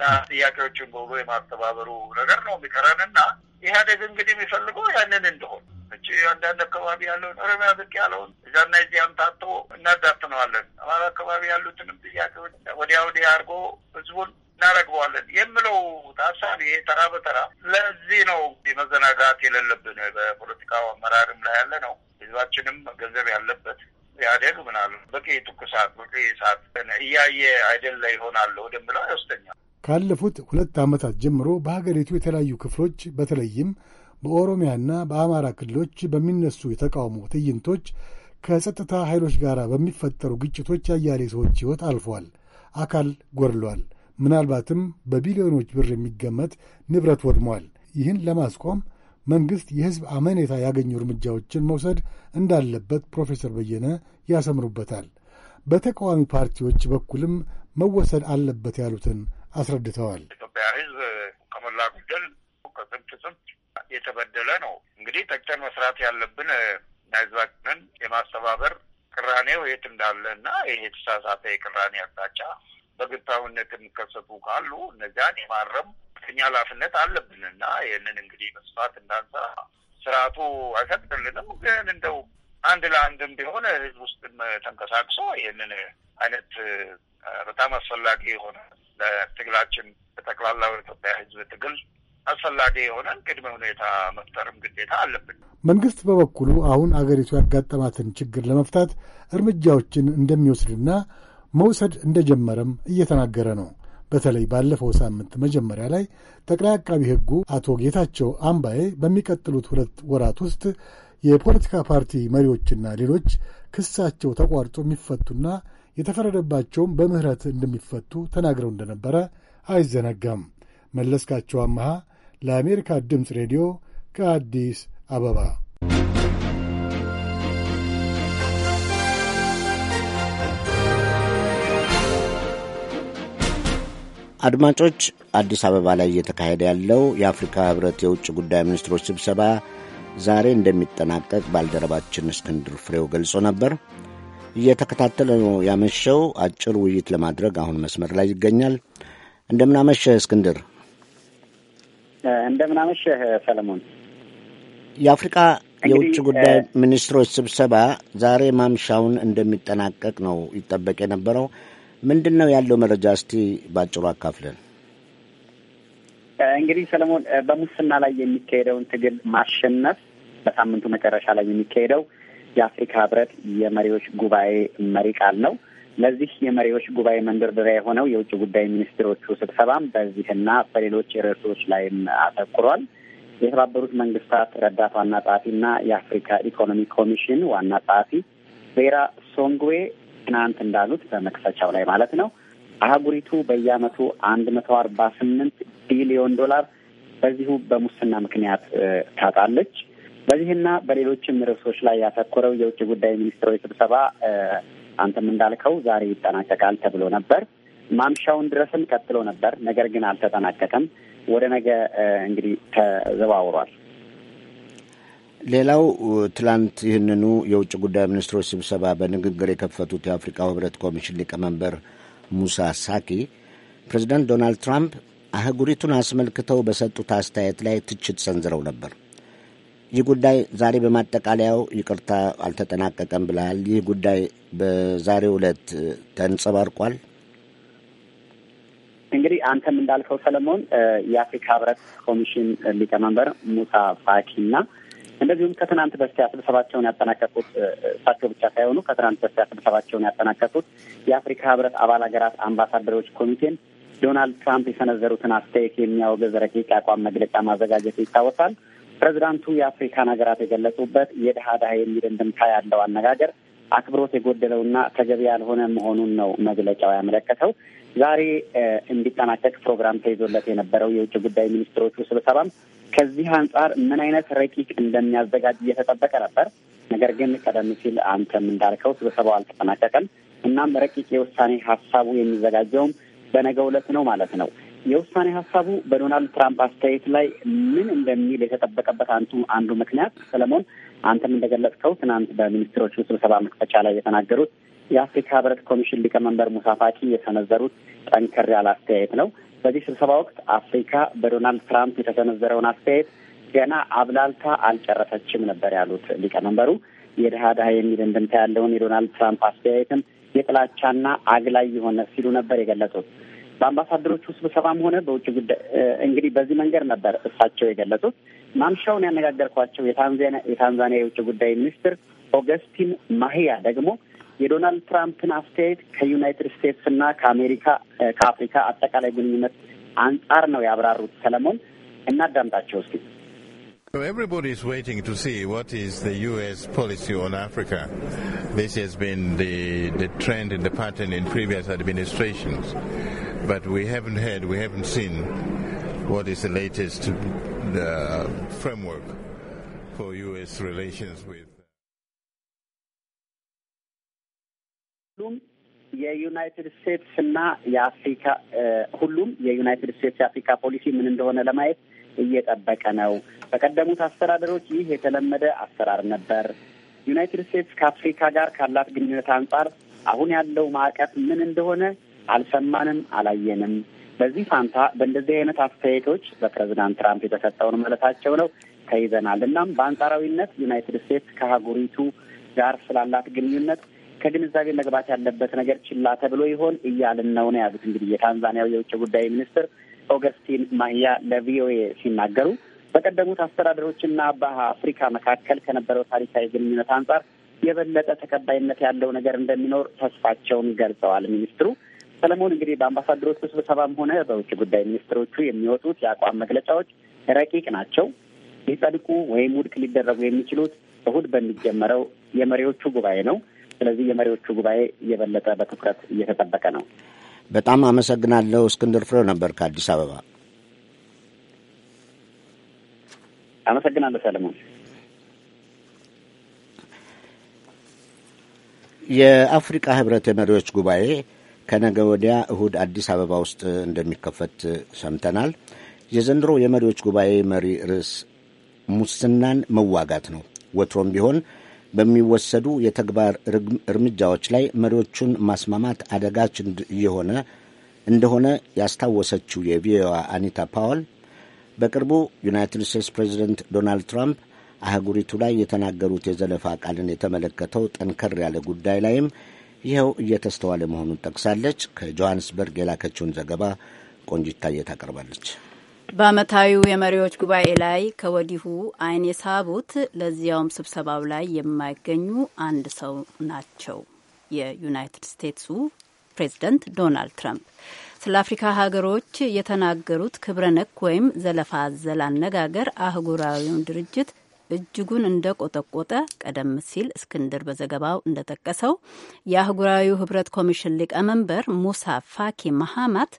እና ጥያቄዎችን በሙሉ የማስተባበሩ ነገር ነው የሚቀረን እና ኢህአዴግ እንግዲህ የሚፈልገው ያንን እንደሆን እቺ አንዳንድ አካባቢ ያለውን ኦሮሚያ ብቅ ያለውን እዛና እዚህ አምታቶ እናዳትነዋለን፣ አማራ አካባቢ ያሉትንም ጥያቄዎች ወዲያ ወዲህ አድርጎ ህዝቡን እናረግበዋለን የምለው ታሳቢ ይሄ ተራ በተራ ለዚህ ነው መዘናጋት የሌለብን በፖለቲካው አመራርም ላይ ያለ ነው። ህዝባችንም ገንዘብ ያለበት ኢህአዴግ ምናሉ በቂ ትኩሳት በቂ እሳት እያየ አይደለ ይሆናል ወደምለው ይወስደኛል። ካለፉት ሁለት ዓመታት ጀምሮ በሀገሪቱ የተለያዩ ክፍሎች በተለይም በኦሮሚያና በአማራ ክልሎች በሚነሱ የተቃውሞ ትዕይንቶች ከጸጥታ ኃይሎች ጋር በሚፈጠሩ ግጭቶች የአያሌ ሰዎች ሕይወት አልፏል፣ አካል ጎድሏል፣ ምናልባትም በቢሊዮኖች ብር የሚገመት ንብረት ወድሟል። ይህን ለማስቆም መንግሥት የሕዝብ አመኔታ ያገኙ እርምጃዎችን መውሰድ እንዳለበት ፕሮፌሰር በየነ ያሰምሩበታል። በተቃዋሚ ፓርቲዎች በኩልም መወሰድ አለበት ያሉትን አስረድተዋል። ኢትዮጵያ ሕዝብ ከሞላ ጎደል ከስንት ስንት የተበደለ ነው። እንግዲህ ተግተን መስራት ያለብን ህዝባችንን የማስተባበር ቅራኔው የት እንዳለ እና ይሄ የተሳሳተ የቅራኔ አቅጣጫ በግብታዊነት የሚከሰቱ ካሉ እነዚያን የማረም ከፍተኛ ኃላፊነት አለብን እና ይህንን እንግዲህ መስፋት እንዳንሰራ ስርዓቱ አይፈቅድልንም። ግን እንደው አንድ ለአንድም ቢሆን ህዝብ ውስጥ ተንቀሳቅሶ ይህንን አይነት በጣም አስፈላጊ የሆነ ለትግላችን በጠቅላላው ኢትዮጵያ ሕዝብ ትግል አስፈላጊ የሆነን ቅድመ ሁኔታ መፍጠርም ግዴታ አለብን። መንግስት በበኩሉ አሁን አገሪቱ ያጋጠማትን ችግር ለመፍታት እርምጃዎችን እንደሚወስድና መውሰድ እንደጀመረም እየተናገረ ነው። በተለይ ባለፈው ሳምንት መጀመሪያ ላይ ጠቅላይ አቃቢ ሕጉ አቶ ጌታቸው አምባዬ በሚቀጥሉት ሁለት ወራት ውስጥ የፖለቲካ ፓርቲ መሪዎችና ሌሎች ክሳቸው ተቋርጦ የሚፈቱና የተፈረደባቸውም በምህረት እንደሚፈቱ ተናግረው እንደነበረ አይዘነጋም። መለስካቸው አመሃ ለአሜሪካ ድምፅ ሬዲዮ ከአዲስ አበባ አድማጮች አዲስ አበባ ላይ እየተካሄደ ያለው የአፍሪካ ህብረት የውጭ ጉዳይ ሚኒስትሮች ስብሰባ ዛሬ እንደሚጠናቀቅ ባልደረባችን እስክንድር ፍሬው ገልጾ ነበር። እየተከታተለ ነው ያመሸው። አጭር ውይይት ለማድረግ አሁን መስመር ላይ ይገኛል። እንደምናመሸህ እስክንድር። እንደምናመሸህ ሰለሞን። የአፍሪቃ የውጭ ጉዳይ ሚኒስትሮች ስብሰባ ዛሬ ማምሻውን እንደሚጠናቀቅ ነው ይጠበቅ የነበረው። ምንድን ነው ያለው መረጃ? እስቲ ባጭሩ አካፍለን። እንግዲህ ሰለሞን፣ በሙስና ላይ የሚካሄደውን ትግል ማሸነፍ በሳምንቱ መጨረሻ ላይ የሚካሄደው የአፍሪካ ህብረት የመሪዎች ጉባኤ መሪ ቃል ነው። ለዚህ የመሪዎች ጉባኤ መንደርደሪያ የሆነው የውጭ ጉዳይ ሚኒስትሮቹ ስብሰባም በዚህና በሌሎች ርዕሶች ላይም አተኩሯል። የተባበሩት መንግስታት ረዳት ዋና ጸሐፊና የአፍሪካ ኢኮኖሚ ኮሚሽን ዋና ጸሐፊ ቬራ ሶንግዌ ትናንት እንዳሉት በመክፈቻው ላይ ማለት ነው አህጉሪቱ በየአመቱ አንድ መቶ አርባ ስምንት ቢሊዮን ዶላር በዚሁ በሙስና ምክንያት ታጣለች። በዚህና በሌሎችም ርዕሶች ላይ ያተኮረው የውጭ ጉዳይ ሚኒስትሮች ስብሰባ አንተም እንዳልከው ዛሬ ይጠናቀቃል ተብሎ ነበር። ማምሻውን ድረስም ቀጥሎ ነበር። ነገር ግን አልተጠናቀቀም። ወደ ነገ እንግዲህ ተዘዋውሯል። ሌላው ትላንት ይህንኑ የውጭ ጉዳይ ሚኒስትሮች ስብሰባ በንግግር የከፈቱት የአፍሪካ ሕብረት ኮሚሽን ሊቀመንበር ሙሳ ሳኪ ፕሬዚዳንት ዶናልድ ትራምፕ አህጉሪቱን አስመልክተው በሰጡት አስተያየት ላይ ትችት ሰንዝረው ነበር። ይህ ጉዳይ ዛሬ በማጠቃለያው ይቅርታ አልተጠናቀቀም ብለሃል። ይህ ጉዳይ በዛሬው ዕለት ተንጸባርቋል። እንግዲህ አንተም እንዳልከው ሰለሞን የአፍሪካ ህብረት ኮሚሽን ሊቀመንበር ሙሳ ፋኪ እና እንደዚሁም ከትናንት በስቲያ ስብሰባቸውን ያጠናቀቁት እሳቸው ብቻ ሳይሆኑ ከትናንት በስቲያ ስብሰባቸውን ያጠናቀቁት የአፍሪካ ህብረት አባል ሀገራት አምባሳደሮች ኮሚቴን ዶናልድ ትራምፕ የሰነዘሩትን አስተያየት የሚያወገዝ ረቂቅ አቋም መግለጫ ማዘጋጀት ይታወሳል። ፕሬዚዳንቱ የአፍሪካን ሀገራት የገለጹበት የድሀ ድሀ የሚል እንድምታ ያለው አነጋገር አክብሮት የጎደለውና ተገቢ ያልሆነ መሆኑን ነው መግለጫው ያመለከተው። ዛሬ እንዲጠናቀቅ ፕሮግራም ተይዞለት የነበረው የውጭ ጉዳይ ሚኒስትሮቹ ስብሰባም ከዚህ አንጻር ምን አይነት ረቂቅ እንደሚያዘጋጅ እየተጠበቀ ነበር። ነገር ግን ቀደም ሲል አንተም እንዳልከው ስብሰባው አልተጠናቀቀም። እናም ረቂቅ የውሳኔ ሀሳቡ የሚዘጋጀውም በነገው ዕለት ነው ማለት ነው። የውሳኔ ሀሳቡ በዶናልድ ትራምፕ አስተያየት ላይ ምን እንደሚል የተጠበቀበት አንዱ አንዱ ምክንያት ሰለሞን፣ አንተም እንደገለጽከው ትናንት በሚኒስትሮቹ ስብሰባ መክፈቻ ላይ የተናገሩት የአፍሪካ ህብረት ኮሚሽን ሊቀመንበር ሙሳ ፋቂ የሰነዘሩት ጠንከር ያለ አስተያየት ነው። በዚህ ስብሰባ ወቅት አፍሪካ በዶናልድ ትራምፕ የተሰነዘረውን አስተያየት ገና አብላልታ አልጨረሰችም ነበር ያሉት ሊቀመንበሩ የድሃ ድሀ የሚል እንድምታ ያለውን የዶናልድ ትራምፕ አስተያየትም የጥላቻና አግላይ የሆነ ሲሉ ነበር የገለጹት። በአምባሳደሮቹ ስብሰባም ሆነ በውጭ ጉዳይ እንግዲህ በዚህ መንገድ ነበር እሳቸው የገለጹት። ማምሻውን ያነጋገርኳቸው የታንዛኒያ የውጭ ጉዳይ ሚኒስትር ኦገስቲን ማሂያ ደግሞ የዶናልድ ትራምፕን አስተያየት ከዩናይትድ ስቴትስ እና ከአሜሪካ ከአፍሪካ አጠቃላይ ግንኙነት አንጻር ነው ያብራሩት። ሰለሞን እናዳምጣቸው እስኪ። So everybody is waiting to see what is the U.S. policy on Africa. This has been the, the trend and the pattern in previous administrations, but we haven't heard, we haven't seen what is the latest uh, framework for U.S. relations with. የዩናይትድ ስቴትስ እና የአፍሪካ ሁሉም የዩናይትድ ስቴትስ የአፍሪካ ፖሊሲ ምን እንደሆነ ለማየት እየጠበቀ ነው። በቀደሙት አስተዳደሮች ይህ የተለመደ አሰራር ነበር። ዩናይትድ ስቴትስ ከአፍሪካ ጋር ካላት ግንኙነት አንጻር አሁን ያለው ማዕቀፍ ምን እንደሆነ አልሰማንም፣ አላየንም። በዚህ ፋንታ በእንደዚህ አይነት አስተያየቶች በፕሬዚዳንት ትራምፕ የተሰጠውን ማለታቸው ነው ተይዘናል። እናም በአንጻራዊነት ዩናይትድ ስቴትስ ከሀገሪቱ ጋር ስላላት ግንኙነት ከግንዛቤ መግባት ያለበት ነገር ችላ ተብሎ ይሆን እያልን ነው ነው ያሉት። እንግዲህ የታንዛኒያው የውጭ ጉዳይ ሚኒስትር ኦገስቲን ማያ ለቪኦኤ ሲናገሩ በቀደሙት አስተዳደሮችና በአፍሪካ መካከል ከነበረው ታሪካዊ ግንኙነት አንጻር የበለጠ ተቀባይነት ያለው ነገር እንደሚኖር ተስፋቸውን ገልጸዋል። ሚኒስትሩ ሰለሞን እንግዲህ በአምባሳደሮቹ ስብሰባም ሆነ በውጭ ጉዳይ ሚኒስትሮቹ የሚወጡት የአቋም መግለጫዎች ረቂቅ ናቸው። ሊጸድቁ ወይም ውድቅ ሊደረጉ የሚችሉት እሁድ በሚጀመረው የመሪዎቹ ጉባኤ ነው። ስለዚህ የመሪዎቹ ጉባኤ የበለጠ በትኩረት እየተጠበቀ ነው። በጣም አመሰግናለሁ። እስክንድር ፍሬው ነበር ከአዲስ አበባ። አመሰግናለሁ ሰለሞን። የአፍሪቃ ህብረት የመሪዎች ጉባኤ ከነገ ወዲያ እሁድ አዲስ አበባ ውስጥ እንደሚከፈት ሰምተናል። የዘንድሮ የመሪዎች ጉባኤ መሪ ርዕስ ሙስናን መዋጋት ነው። ወትሮም ቢሆን በሚወሰዱ የተግባር እርምጃዎች ላይ መሪዎቹን ማስማማት አደጋች እየሆነ እንደሆነ ያስታወሰችው የቪኦኤ አኒታ ፓወል በቅርቡ ዩናይትድ ስቴትስ ፕሬዚደንት ዶናልድ ትራምፕ አህጉሪቱ ላይ የተናገሩት የዘለፋ ቃልን የተመለከተው ጠንከር ያለ ጉዳይ ላይም ይኸው እየተስተዋለ መሆኑን ጠቅሳለች። ከጆሃንስበርግ የላከችውን ዘገባ ቆንጂት ታቀርባለች። በአመታዊው የመሪዎች ጉባኤ ላይ ከወዲሁ አይን የሳቡት ለዚያውም ስብሰባው ላይ የማይገኙ አንድ ሰው ናቸው። የዩናይትድ ስቴትሱ ፕሬዝደንት ዶናልድ ትራምፕ ስለ አፍሪካ ሀገሮች የተናገሩት ክብረ ነክ ወይም ዘለፋ አዘል አነጋገር አህጉራዊውን ድርጅት እጅጉን እንደቆጠቆጠ ቀደም ሲል እስክንድር በዘገባው እንደጠቀሰው የአህጉራዊ ህብረት ኮሚሽን ሊቀመንበር ሙሳ ፋኪ መሐማት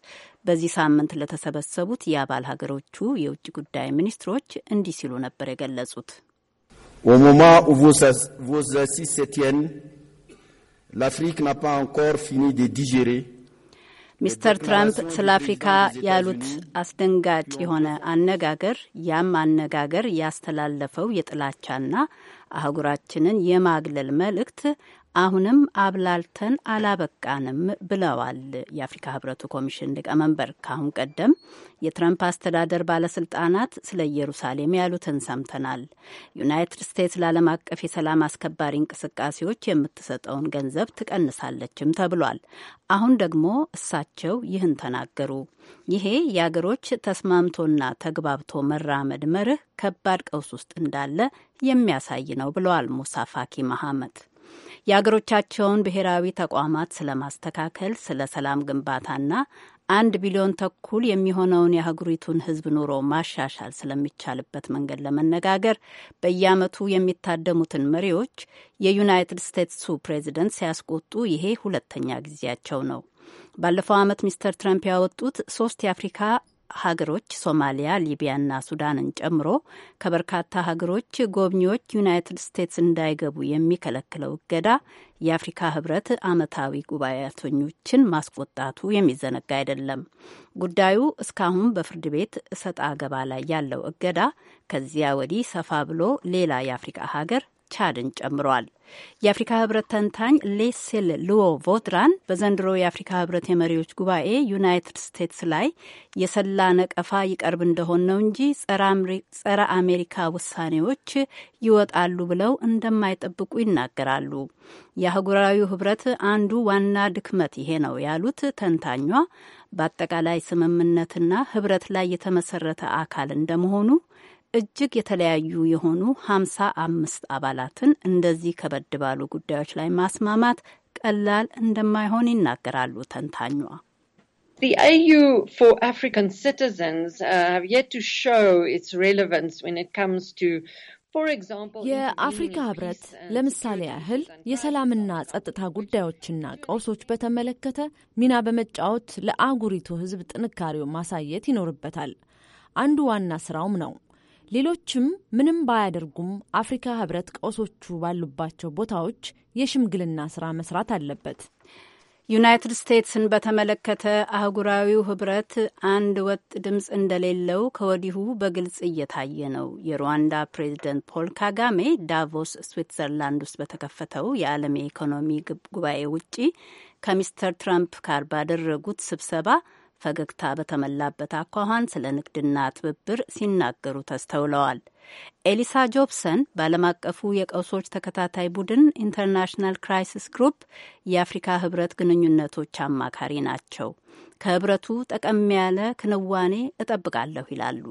በዚህ ሳምንት ለተሰበሰቡት የአባል ሀገሮቹ የውጭ ጉዳይ ሚኒስትሮች እንዲህ ሲሉ ነበር የገለጹት። ኦሞማ ቮዘሲሴቴን ላፍሪክ ናፓ አንኮር ፊኒ ዲጀሬ ሚስተር ትራምፕ ስለ አፍሪካ ያሉት አስደንጋጭ የሆነ አነጋገር ያም አነጋገር ያስተላለፈው የጥላቻና አህጉራችንን የማግለል መልእክት አሁንም አብላልተን አላበቃንም ብለዋል የአፍሪካ ህብረቱ ኮሚሽን ሊቀመንበር። ከአሁን ቀደም የትረምፕ አስተዳደር ባለስልጣናት ስለ ኢየሩሳሌም ያሉትን ሰምተናል። ዩናይትድ ስቴትስ ለዓለም አቀፍ የሰላም አስከባሪ እንቅስቃሴዎች የምትሰጠውን ገንዘብ ትቀንሳለችም ተብሏል። አሁን ደግሞ እሳቸው ይህን ተናገሩ። ይሄ የአገሮች ተስማምቶና ተግባብቶ መራመድ መርህ ከባድ ቀውስ ውስጥ እንዳለ የሚያሳይ ነው ብለዋል ሙሳ ፋኪ መሐመድ። የአገሮቻቸውን ብሔራዊ ተቋማት ስለማስተካከል፣ ስለ ሰላም ግንባታና አንድ ቢሊዮን ተኩል የሚሆነውን የአህጉሪቱን ሕዝብ ኑሮ ማሻሻል ስለሚቻልበት መንገድ ለመነጋገር በየዓመቱ የሚታደሙትን መሪዎች የዩናይትድ ስቴትሱ ፕሬዚደንት ሲያስቆጡ ይሄ ሁለተኛ ጊዜያቸው ነው። ባለፈው ዓመት ሚስተር ትራምፕ ያወጡት ሶስት የአፍሪካ ሀገሮች ሶማሊያ፣ ሊቢያና ሱዳንን ጨምሮ ከበርካታ ሀገሮች ጎብኚዎች ዩናይትድ ስቴትስ እንዳይገቡ የሚከለክለው እገዳ የአፍሪካ ህብረት አመታዊ ጉባኤተኞችን ማስቆጣቱ የሚዘነጋ አይደለም። ጉዳዩ እስካሁን በፍርድ ቤት እሰጥ አገባ ላይ ያለው እገዳ ከዚያ ወዲህ ሰፋ ብሎ ሌላ የአፍሪካ ሀገር ቻድን ጨምሯል። የአፍሪካ ህብረት ተንታኝ ሌሴል ልዎ ቮትራን በዘንድሮ የአፍሪካ ህብረት የመሪዎች ጉባኤ ዩናይትድ ስቴትስ ላይ የሰላ ነቀፋ ይቀርብ እንደሆን ነው እንጂ ጸረ አሜሪካ ውሳኔዎች ይወጣሉ ብለው እንደማይጠብቁ ይናገራሉ። የአህጉራዊ ህብረት አንዱ ዋና ድክመት ይሄ ነው ያሉት ተንታኟ በአጠቃላይ ስምምነትና ህብረት ላይ የተመሰረተ አካል እንደመሆኑ እጅግ የተለያዩ የሆኑ ሀምሳ አምስት አባላትን እንደዚህ ከበድ ባሉ ጉዳዮች ላይ ማስማማት ቀላል እንደማይሆን ይናገራሉ ተንታኟ። The AU for African citizens uh, have yet to show its relevance when it comes to የአፍሪካ ህብረት ለምሳሌ ያህል የሰላምና ጸጥታ ጉዳዮችና ቀውሶች በተመለከተ ሚና በመጫወት ለአህጉሪቱ ህዝብ ጥንካሬው ማሳየት ይኖርበታል። አንዱ ዋና ስራውም ነው። ሌሎችም ምንም ባያደርጉም አፍሪካ ህብረት ቀውሶቹ ባሉባቸው ቦታዎች የሽምግልና ስራ መስራት አለበት። ዩናይትድ ስቴትስን በተመለከተ አህጉራዊው ህብረት አንድ ወጥ ድምፅ እንደሌለው ከወዲሁ በግልጽ እየታየ ነው። የሩዋንዳ ፕሬዚደንት ፖል ካጋሜ ዳቮስ ስዊትዘርላንድ ውስጥ በተከፈተው የዓለም የኢኮኖሚ ጉባኤ ውጪ ከሚስተር ትራምፕ ጋር ባደረጉት ስብሰባ ፈገግታ በተሞላበት አኳኋን ስለ ንግድና ትብብር ሲናገሩ ተስተውለዋል። ኤሊሳ ጆብሰን በዓለም አቀፉ የቀውሶች ተከታታይ ቡድን ኢንተርናሽናል ክራይሲስ ግሩፕ የአፍሪካ ህብረት ግንኙነቶች አማካሪ ናቸው። ከህብረቱ ጠቀም ያለ ክንዋኔ እጠብቃለሁ ይላሉ።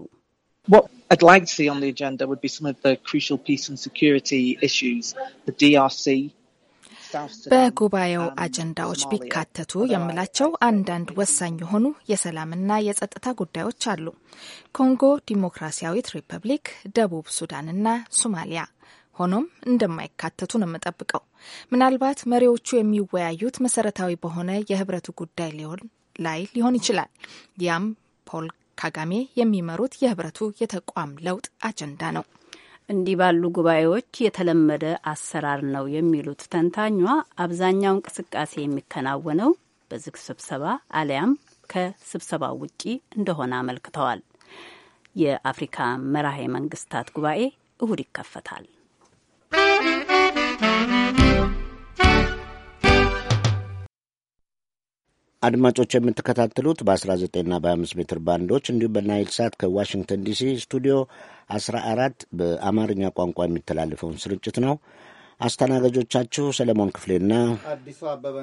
በጉባኤው አጀንዳዎች ቢካተቱ የምላቸው አንዳንድ ወሳኝ የሆኑ የሰላምና የጸጥታ ጉዳዮች አሉ። ኮንጎ ዲሞክራሲያዊት ሪፐብሊክ፣ ደቡብ ሱዳንና ሶማሊያ። ሆኖም እንደማይካተቱ ነው የምጠብቀው። ምናልባት መሪዎቹ የሚወያዩት መሰረታዊ በሆነ የህብረቱ ጉዳይ ሊሆን ላይ ሊሆን ይችላል። ያም ፖል ካጋሜ የሚመሩት የህብረቱ የተቋም ለውጥ አጀንዳ ነው። እንዲህ ባሉ ጉባኤዎች የተለመደ አሰራር ነው የሚሉት ተንታኟ፣ አብዛኛው እንቅስቃሴ የሚከናወነው በዝግ ስብሰባ አሊያም ከስብሰባው ውጪ እንደሆነ አመልክተዋል። የአፍሪካ መራሄ መንግስታት ጉባኤ እሁድ ይከፈታል። አድማጮች የምትከታተሉት በ19ና በ 5 ሜትር ባንዶች እንዲሁም በናይል ሳት ከዋሽንግተን ዲሲ ስቱዲዮ 14 በአማርኛ ቋንቋ የሚተላለፈውን ስርጭት ነው። አስተናጋጆቻችሁ ሰለሞን ክፍሌና አዲሱ አበበ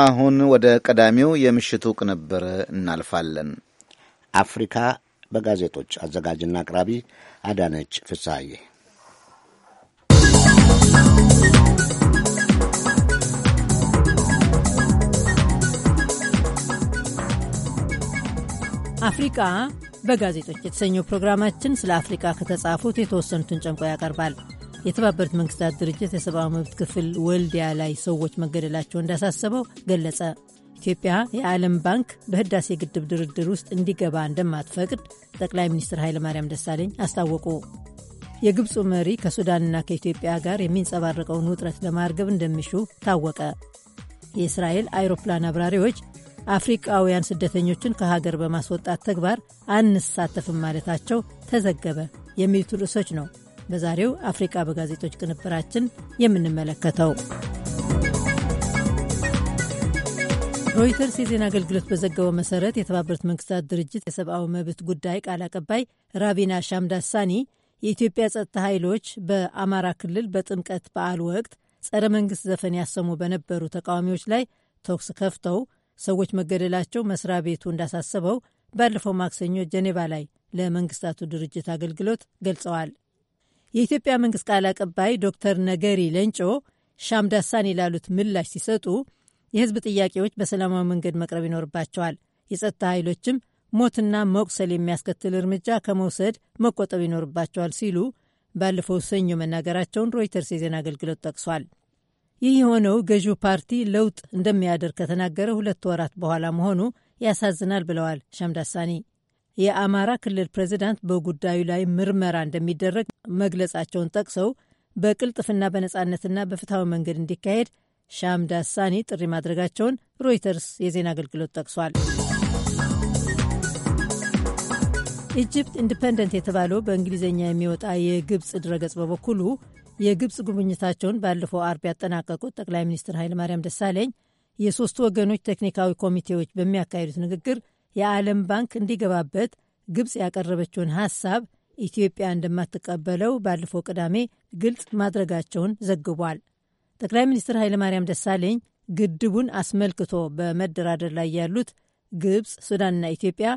አሁን ወደ ቀዳሚው የምሽቱ ቅንብር እናልፋለን። አፍሪካ በጋዜጦች አዘጋጅና አቅራቢ አዳነች ፍሳዬ አፍሪቃ በጋዜጦች የተሰኘው ፕሮግራማችን ስለ አፍሪቃ ከተጻፉት የተወሰኑትን ጨምቆ ያቀርባል። የተባበሩት መንግስታት ድርጅት የሰብአዊ መብት ክፍል ወልዲያ ላይ ሰዎች መገደላቸው እንዳሳሰበው ገለጸ። ኢትዮጵያ የዓለም ባንክ በህዳሴ ግድብ ድርድር ውስጥ እንዲገባ እንደማትፈቅድ ጠቅላይ ሚኒስትር ኃይለማርያም ደሳለኝ አስታወቁ። የግብፁ መሪ ከሱዳንና ከኢትዮጵያ ጋር የሚንጸባረቀውን ውጥረት ለማርገብ እንደሚሹ ታወቀ። የእስራኤል አይሮፕላን አብራሪዎች አፍሪቃውያን ስደተኞችን ከሀገር በማስወጣት ተግባር አንሳተፍም ማለታቸው ተዘገበ የሚሉት ርዕሶች ነው በዛሬው አፍሪቃ በጋዜጦች ቅንብራችን የምንመለከተው። ሮይተርስ የዜና አገልግሎት በዘገበው መሰረት የተባበሩት መንግስታት ድርጅት የሰብአዊ መብት ጉዳይ ቃል አቀባይ ራቢና ሻምዳሳኒ የኢትዮጵያ ጸጥታ ኃይሎች በአማራ ክልል በጥምቀት በዓል ወቅት ጸረ መንግስት ዘፈን ያሰሙ በነበሩ ተቃዋሚዎች ላይ ተኩስ ከፍተው ሰዎች መገደላቸው መስሪያ ቤቱ እንዳሳሰበው ባለፈው ማክሰኞ ጀኔቫ ላይ ለመንግስታቱ ድርጅት አገልግሎት ገልጸዋል። የኢትዮጵያ መንግስት ቃል አቀባይ ዶክተር ነገሪ ለንጮ ሻምዳሳን ይላሉት ምላሽ ሲሰጡ የህዝብ ጥያቄዎች በሰላማዊ መንገድ መቅረብ ይኖርባቸዋል፣ የጸጥታ ኃይሎችም ሞትና መቁሰል የሚያስከትል እርምጃ ከመውሰድ መቆጠብ ይኖርባቸዋል ሲሉ ባለፈው ሰኞ መናገራቸውን ሮይተርስ የዜና አገልግሎት ጠቅሷል። ይህ የሆነው ገዢው ፓርቲ ለውጥ እንደሚያደርግ ከተናገረ ሁለት ወራት በኋላ መሆኑ ያሳዝናል ብለዋል ሸምዳሳኒ። የአማራ ክልል ፕሬዚዳንት በጉዳዩ ላይ ምርመራ እንደሚደረግ መግለጻቸውን ጠቅሰው በቅልጥፍና በነፃነትና በፍትሐዊ መንገድ እንዲካሄድ ሻምዳሳኒ ጥሪ ማድረጋቸውን ሮይተርስ የዜና አገልግሎት ጠቅሷል። ኢጅፕት ኢንዲፐንደንት የተባለው በእንግሊዝኛ የሚወጣ የግብፅ ድረገጽ በበኩሉ የግብፅ ጉብኝታቸውን ባለፈው አርብ ያጠናቀቁት ጠቅላይ ሚኒስትር ኃይለማርያም ደሳለኝ የሶስቱ ወገኖች ቴክኒካዊ ኮሚቴዎች በሚያካሂዱት ንግግር የዓለም ባንክ እንዲገባበት ግብፅ ያቀረበችውን ሀሳብ ኢትዮጵያ እንደማትቀበለው ባለፈው ቅዳሜ ግልጽ ማድረጋቸውን ዘግቧል። ጠቅላይ ሚኒስትር ኃይለማርያም ደሳለኝ ግድቡን አስመልክቶ በመደራደር ላይ ያሉት ግብፅ፣ ሱዳንና ኢትዮጵያ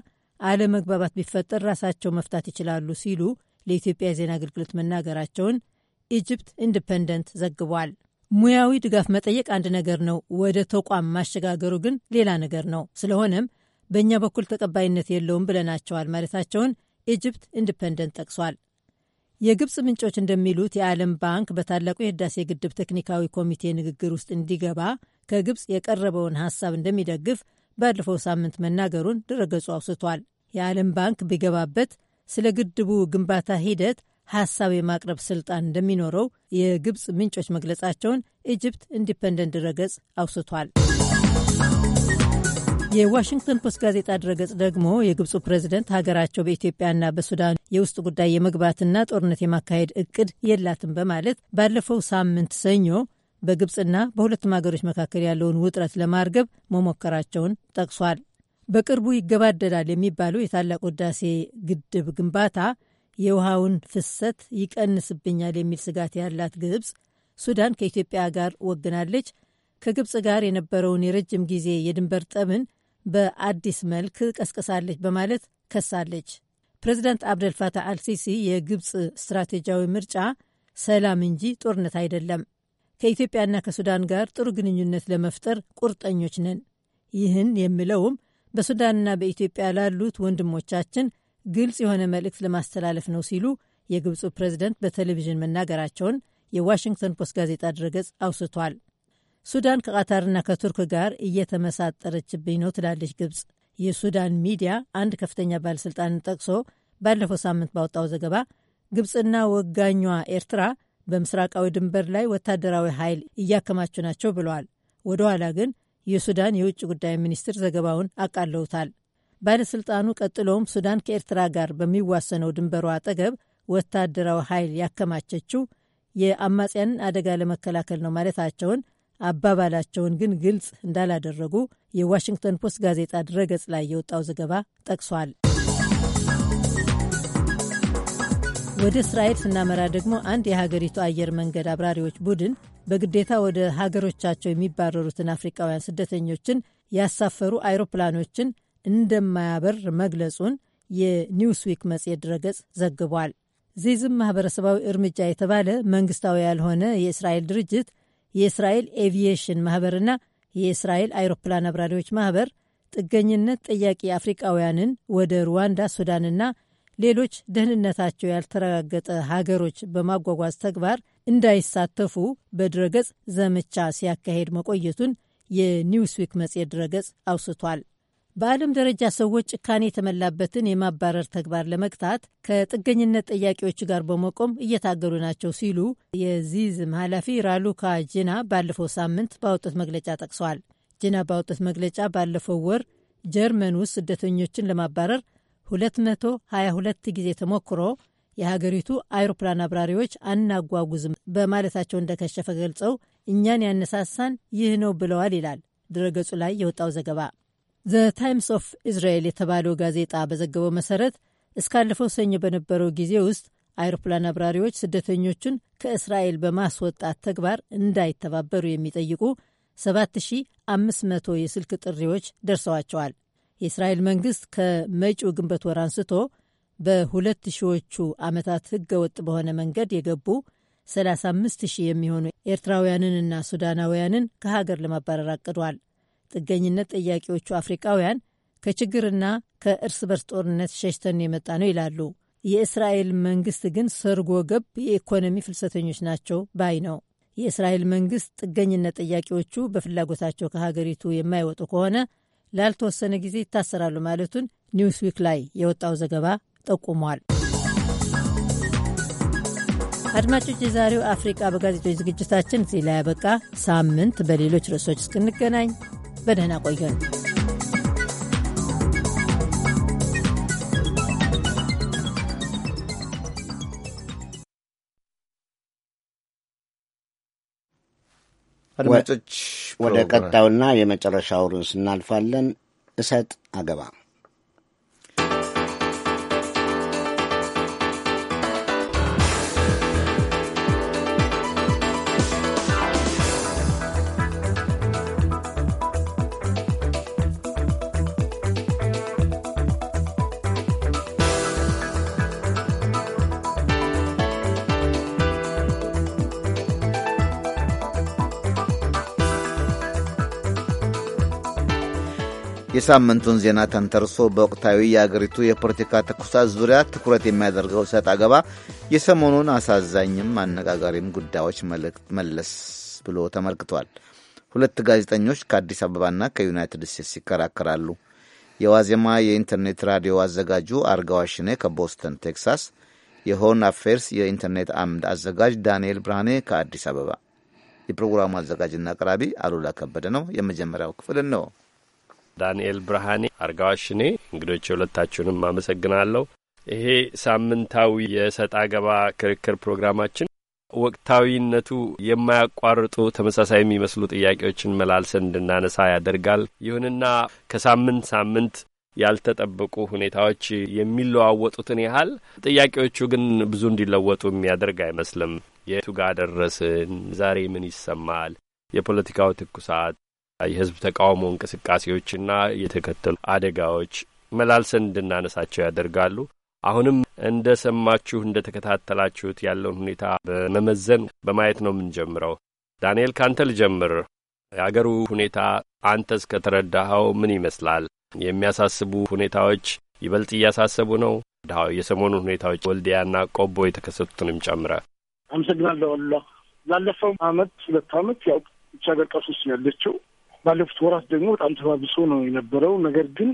አለመግባባት ቢፈጠር ራሳቸው መፍታት ይችላሉ ሲሉ ለኢትዮጵያ የዜና አገልግሎት መናገራቸውን ኢጅፕት ኢንዲፐንደንት ዘግቧል። ሙያዊ ድጋፍ መጠየቅ አንድ ነገር ነው፣ ወደ ተቋም ማሸጋገሩ ግን ሌላ ነገር ነው። ስለሆነም በእኛ በኩል ተቀባይነት የለውም ብለናቸዋል ማለታቸውን ኢጅፕት ኢንዲፐንደንት ጠቅሷል። የግብፅ ምንጮች እንደሚሉት የዓለም ባንክ በታላቁ የህዳሴ ግድብ ቴክኒካዊ ኮሚቴ ንግግር ውስጥ እንዲገባ ከግብፅ የቀረበውን ሀሳብ እንደሚደግፍ ባለፈው ሳምንት መናገሩን ድረገጹ አውስቷል። የዓለም ባንክ ቢገባበት ስለ ግድቡ ግንባታ ሂደት ሐሳብ የማቅረብ ስልጣን እንደሚኖረው የግብፅ ምንጮች መግለጻቸውን ኢጅፕት ኢንዲፐንደንት ድረገጽ አውስቷል። የዋሽንግተን ፖስት ጋዜጣ ድረገጽ ደግሞ የግብፁ ፕሬዚደንት ሀገራቸው በኢትዮጵያና በሱዳን የውስጥ ጉዳይ የመግባትና ጦርነት የማካሄድ እቅድ የላትም በማለት ባለፈው ሳምንት ሰኞ በግብፅና በሁለቱም ሀገሮች መካከል ያለውን ውጥረት ለማርገብ መሞከራቸውን ጠቅሷል። በቅርቡ ይገባደዳል የሚባለው የታላቁ ሕዳሴ ግድብ ግንባታ የውሃውን ፍሰት ይቀንስብኛል የሚል ስጋት ያላት ግብፅ ሱዳን ከኢትዮጵያ ጋር ወግናለች፣ ከግብፅ ጋር የነበረውን የረጅም ጊዜ የድንበር ጠብን በአዲስ መልክ ቀስቅሳለች በማለት ከሳለች። ፕሬዚዳንት አብደልፋታህ አልሲሲ የግብፅ ስትራቴጂያዊ ምርጫ ሰላም እንጂ ጦርነት አይደለም፣ ከኢትዮጵያና ከሱዳን ጋር ጥሩ ግንኙነት ለመፍጠር ቁርጠኞች ነን። ይህን የምለውም በሱዳንና በኢትዮጵያ ላሉት ወንድሞቻችን ግልጽ የሆነ መልእክት ለማስተላለፍ ነው ሲሉ የግብፁ ፕሬዝደንት በቴሌቪዥን መናገራቸውን የዋሽንግተን ፖስት ጋዜጣ ድረገጽ አውስቷል። ሱዳን ከቃታርና ከቱርክ ጋር እየተመሳጠረችብኝ ነው ትላለች ግብፅ። የሱዳን ሚዲያ አንድ ከፍተኛ ባለሥልጣንን ጠቅሶ ባለፈው ሳምንት ባወጣው ዘገባ ግብፅና ወጋኟ ኤርትራ በምስራቃዊ ድንበር ላይ ወታደራዊ ኃይል እያከማቹ ናቸው ብለዋል። ወደ ኋላ ግን የሱዳን የውጭ ጉዳይ ሚኒስትር ዘገባውን አቃለውታል። ባለሥልጣኑ ቀጥሎም ሱዳን ከኤርትራ ጋር በሚዋሰነው ድንበሯ አጠገብ ወታደራዊ ኃይል ያከማቸችው የአማጽያንን አደጋ ለመከላከል ነው ማለታቸውን አባባላቸውን ግን ግልጽ እንዳላደረጉ የዋሽንግተን ፖስት ጋዜጣ ድረገጽ ላይ የወጣው ዘገባ ጠቅሷል። ወደ እስራኤል ስናመራ ደግሞ አንድ የሀገሪቱ አየር መንገድ አብራሪዎች ቡድን በግዴታ ወደ ሀገሮቻቸው የሚባረሩትን አፍሪካውያን ስደተኞችን ያሳፈሩ አይሮፕላኖችን እንደማያበር መግለጹን የኒውስዊክ መጽሔት ድረገጽ ዘግቧል። ዚዝም ማህበረሰባዊ እርምጃ የተባለ መንግስታዊ ያልሆነ የእስራኤል ድርጅት የእስራኤል ኤቪየሽን ማህበርና የእስራኤል አይሮፕላን አብራሪዎች ማህበር ጥገኝነት ጠያቂ አፍሪቃውያንን ወደ ሩዋንዳ፣ ሱዳንና ሌሎች ደህንነታቸው ያልተረጋገጠ ሀገሮች በማጓጓዝ ተግባር እንዳይሳተፉ በድረገጽ ዘመቻ ሲያካሄድ መቆየቱን የኒውስዊክ መጽሔት ድረገጽ አውስቷል። በዓለም ደረጃ ሰዎች ጭካኔ የተመላበትን የማባረር ተግባር ለመግታት ከጥገኝነት ጥያቄዎች ጋር በመቆም እየታገሉ ናቸው ሲሉ የዚዝም ኃላፊ ራሉካ ጅና ባለፈው ሳምንት ባወጡት መግለጫ ጠቅሰዋል። ጅና ባወጡት መግለጫ ባለፈው ወር ጀርመን ውስጥ ስደተኞችን ለማባረር 222 ጊዜ ተሞክሮ የሀገሪቱ አይሮፕላን አብራሪዎች አናጓጉዝም በማለታቸው እንደከሸፈ ገልጸው እኛን ያነሳሳን ይህ ነው ብለዋል ይላል ድረገጹ ላይ የወጣው ዘገባ። ዘ ታይምስ ኦፍ እስራኤል የተባለው ጋዜጣ በዘገበው መሰረት እስካለፈው ሰኞ በነበረው ጊዜ ውስጥ አይሮፕላን አብራሪዎች ስደተኞቹን ከእስራኤል በማስወጣት ተግባር እንዳይተባበሩ የሚጠይቁ 7500 የስልክ ጥሪዎች ደርሰዋቸዋል። የእስራኤል መንግስት ከመጪው ግንቦት ወር አንስቶ በሁለት ሺዎቹ ዓመታት ሕገ ወጥ በሆነ መንገድ የገቡ 35 ሺህ የሚሆኑ ኤርትራውያንንና ሱዳናውያንን ከሀገር ለማባረር አቅዷል። ጥገኝነት ጠያቂዎቹ አፍሪቃውያን ከችግርና ከእርስ በርስ ጦርነት ሸሽተን የመጣ ነው ይላሉ። የእስራኤል መንግስት ግን ሰርጎ ገብ የኢኮኖሚ ፍልሰተኞች ናቸው ባይ ነው። የእስራኤል መንግስት ጥገኝነት ጠያቂዎቹ በፍላጎታቸው ከሀገሪቱ የማይወጡ ከሆነ ላልተወሰነ ጊዜ ይታሰራሉ ማለቱን ኒውስዊክ ላይ የወጣው ዘገባ ጠቁሟል። አድማጮች፣ የዛሬው አፍሪቃ በጋዜጦች ዝግጅታችን እዚህ ላይ ያበቃ። ሳምንት በሌሎች ርዕሶች እስክንገናኝ በደህና ቆዩን። አድማጮች ወደ ቀጣዩና የመጨረሻው ርዕስ እናልፋለን። እሰጥ አገባ የሳምንቱን ዜና ተንተርሶ በወቅታዊ የአገሪቱ የፖለቲካ ትኩሳት ዙሪያ ትኩረት የሚያደርገው ሰጥ አገባ የሰሞኑን አሳዛኝም አነጋጋሪም ጉዳዮች መለስ ብሎ ተመልክቷል። ሁለት ጋዜጠኞች ከአዲስ አበባና ከዩናይትድ ስቴትስ ይከራከራሉ። የዋዜማ የኢንተርኔት ራዲዮ አዘጋጁ አርጋዋ ሽኔ ከቦስተን ቴክሳስ፣ የሆን አፌርስ የኢንተርኔት አምድ አዘጋጅ ዳንኤል ብርሃኔ ከአዲስ አበባ። የፕሮግራሙ አዘጋጅና አቅራቢ አሉላ ከበደ ነው። የመጀመሪያው ክፍል ነው። ዳንኤል ብርሃኔ፣ አርጋዋሽኔ እንግዶች ሁለታችሁንም አመሰግናለሁ። ይሄ ሳምንታዊ የሰጣ ገባ ክርክር ፕሮግራማችን ወቅታዊነቱ የማያቋርጡ ተመሳሳይ የሚመስሉ ጥያቄዎችን መላልሰን እንድናነሳ ያደርጋል። ይሁንና ከሳምንት ሳምንት ያልተጠበቁ ሁኔታዎች የሚለዋወጡትን ያህል ጥያቄዎቹ ግን ብዙ እንዲለወጡ የሚያደርግ አይመስልም። የቱ ደረስን? ዛሬ ምን ይሰማል? የፖለቲካው ትኩሳት የህዝብ ተቃውሞ እንቅስቃሴዎችና የተከተሉ አደጋዎች መላልሰን እንድናነሳቸው ያደርጋሉ። አሁንም እንደ ሰማችሁ እንደ ተከታተላችሁት ያለውን ሁኔታ በመመዘን በማየት ነው የምንጀምረው። ዳንኤል ካንተ ልጀምር። የአገሩ ሁኔታ አንተ እስከ ተረዳኸው ምን ይመስላል? የሚያሳስቡ ሁኔታዎች ይበልጥ እያሳሰቡ ነው? ድሃው የሰሞኑ ሁኔታዎች ወልዲያና ቆቦ የተከሰቱትንም ጨምረ። አመሰግናለሁ። አላ ላለፈው አመት ሁለት አመት ያው ብቻ ገር ቀውስ ውስጥ ያለችው ባለፉት ወራት ደግሞ በጣም ተባብሶ ነው የነበረው። ነገር ግን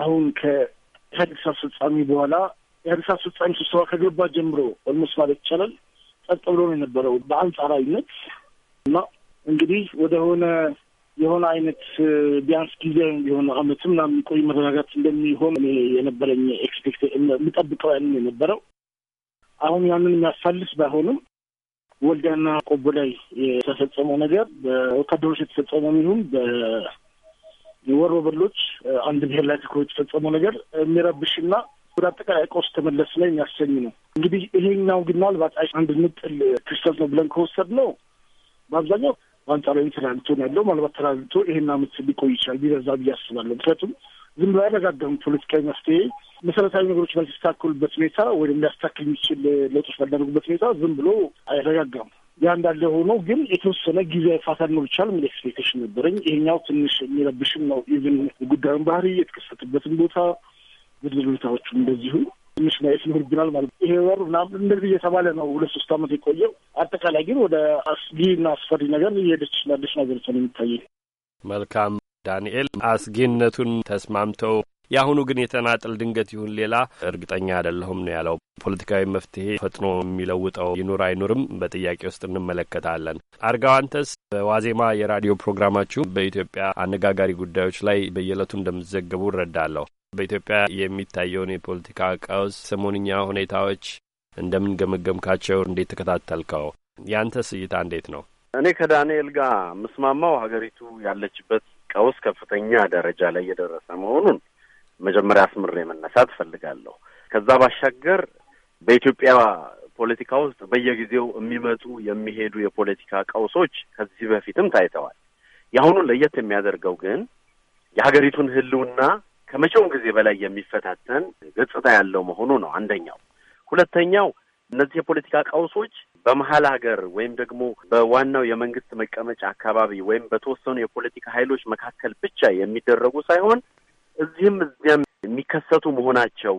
አሁን ከኢህአዴግ ስራ አስፈጻሚ በኋላ ኢህአዴግ ስራ አስፈጻሚ ስብሰባ ከገባ ጀምሮ ኦልሞስት ማለት ይቻላል ጸጥ ብሎ ነው የነበረው በአንጻራዊነት እና እንግዲህ ወደ ሆነ የሆነ አይነት ቢያንስ ጊዜ የሆነ አመት ምናምን የሚቆይ መረጋጋት እንደሚሆን የነበረኝ ኤክስፔክት የምጠብቀው ያንን የነበረው አሁን ያንን የሚያሳልፍ ባይሆንም ወልዲያና ቆቦ ላይ የተፈጸመው ነገር በወታደሮች የተፈጸመው ይሁን በወሮበሎች አንድ ብሔር ላይ ተኮ የተፈጸመው ነገር የሚረብሽና ወደ አጠቃላይ ቀውስ ተመለስ ላይ የሚያሰኝ ነው። እንግዲህ ይሄኛው ግን ምናልባት አንድ ምጥል ክስተት ነው ብለን ከወሰድ ነው በአብዛኛው በአንጻራዊ ተላልቶ ነው ያለው። ምናልባት ተላልቶ ይሄን አመት ሊቆይ ይችላል ቢበዛ ብዬ አስባለሁ። ምክንያቱም ዝም ብሎ አያረጋጋም ፖለቲካዊ መፍትሄ መሰረታዊ ነገሮች ባልተስተካከሉበት ሁኔታ ወይም ሊያስተካክል የሚችል ለውጦች ባልዳረጉበት ሁኔታ ዝም ብሎ አይረጋጋም። ያ እንዳለ ሆኖ ግን የተወሰነ ጊዜ ፋታ ሊኖር ይችላል የሚል ኤክስፔክቴሽን ነበረኝ። ይሄኛው ትንሽ የሚረብሽም ነው። ኢቭን ጉዳዩን ባህሪ የተከሰተበትን ቦታ ዝርዝር ሁኔታዎቹ እንደዚሁ ትንሽ ማየት ይኖርብናል ማለት ነው። ይሄ ወር ምናምን እንደዚህ እየተባለ ነው ሁለት ሶስት ዓመት የቆየው። አጠቃላይ ግን ወደ አስጊ እና አስፈሪ ነገር እየሄደች ላለች ነገር ነው የሚታየኝ። መልካም ዳንኤል፣ አስጊነቱን ተስማምተው የአሁኑ ግን የተናጠል ድንገት ይሁን ሌላ እርግጠኛ አይደለሁም ነው ያለው። ፖለቲካዊ መፍትሄ ፈጥኖ የሚለውጠው ይኑር አይኑርም በጥያቄ ውስጥ እንመለከታለን። አርጋው አንተስ በዋዜማ የራዲዮ ፕሮግራማችሁ በኢትዮጵያ አነጋጋሪ ጉዳዮች ላይ በየዕለቱ እንደምትዘግቡ እረዳለሁ። በኢትዮጵያ የሚታየውን የፖለቲካ ቀውስ፣ ሰሞንኛ ሁኔታዎች እንደምን ገመገምካቸው? እንዴት ተከታተልከው? ያንተስ እይታ እንዴት ነው? እኔ ከዳንኤል ጋር ምስማማው ሀገሪቱ ያለችበት ቀውስ ከፍተኛ ደረጃ ላይ የደረሰ መሆኑን መጀመሪያ አስምሬ መነሳት እፈልጋለሁ። ከዛ ባሻገር በኢትዮጵያ ፖለቲካ ውስጥ በየጊዜው የሚመጡ የሚሄዱ የፖለቲካ ቀውሶች ከዚህ በፊትም ታይተዋል። የአሁኑን ለየት የሚያደርገው ግን የሀገሪቱን ሕልውና ከመቼውም ጊዜ በላይ የሚፈታተን ገጽታ ያለው መሆኑ ነው አንደኛው። ሁለተኛው እነዚህ የፖለቲካ ቀውሶች በመሀል ሀገር ወይም ደግሞ በዋናው የመንግስት መቀመጫ አካባቢ ወይም በተወሰኑ የፖለቲካ ኃይሎች መካከል ብቻ የሚደረጉ ሳይሆን እዚህም እዚያም የሚከሰቱ መሆናቸው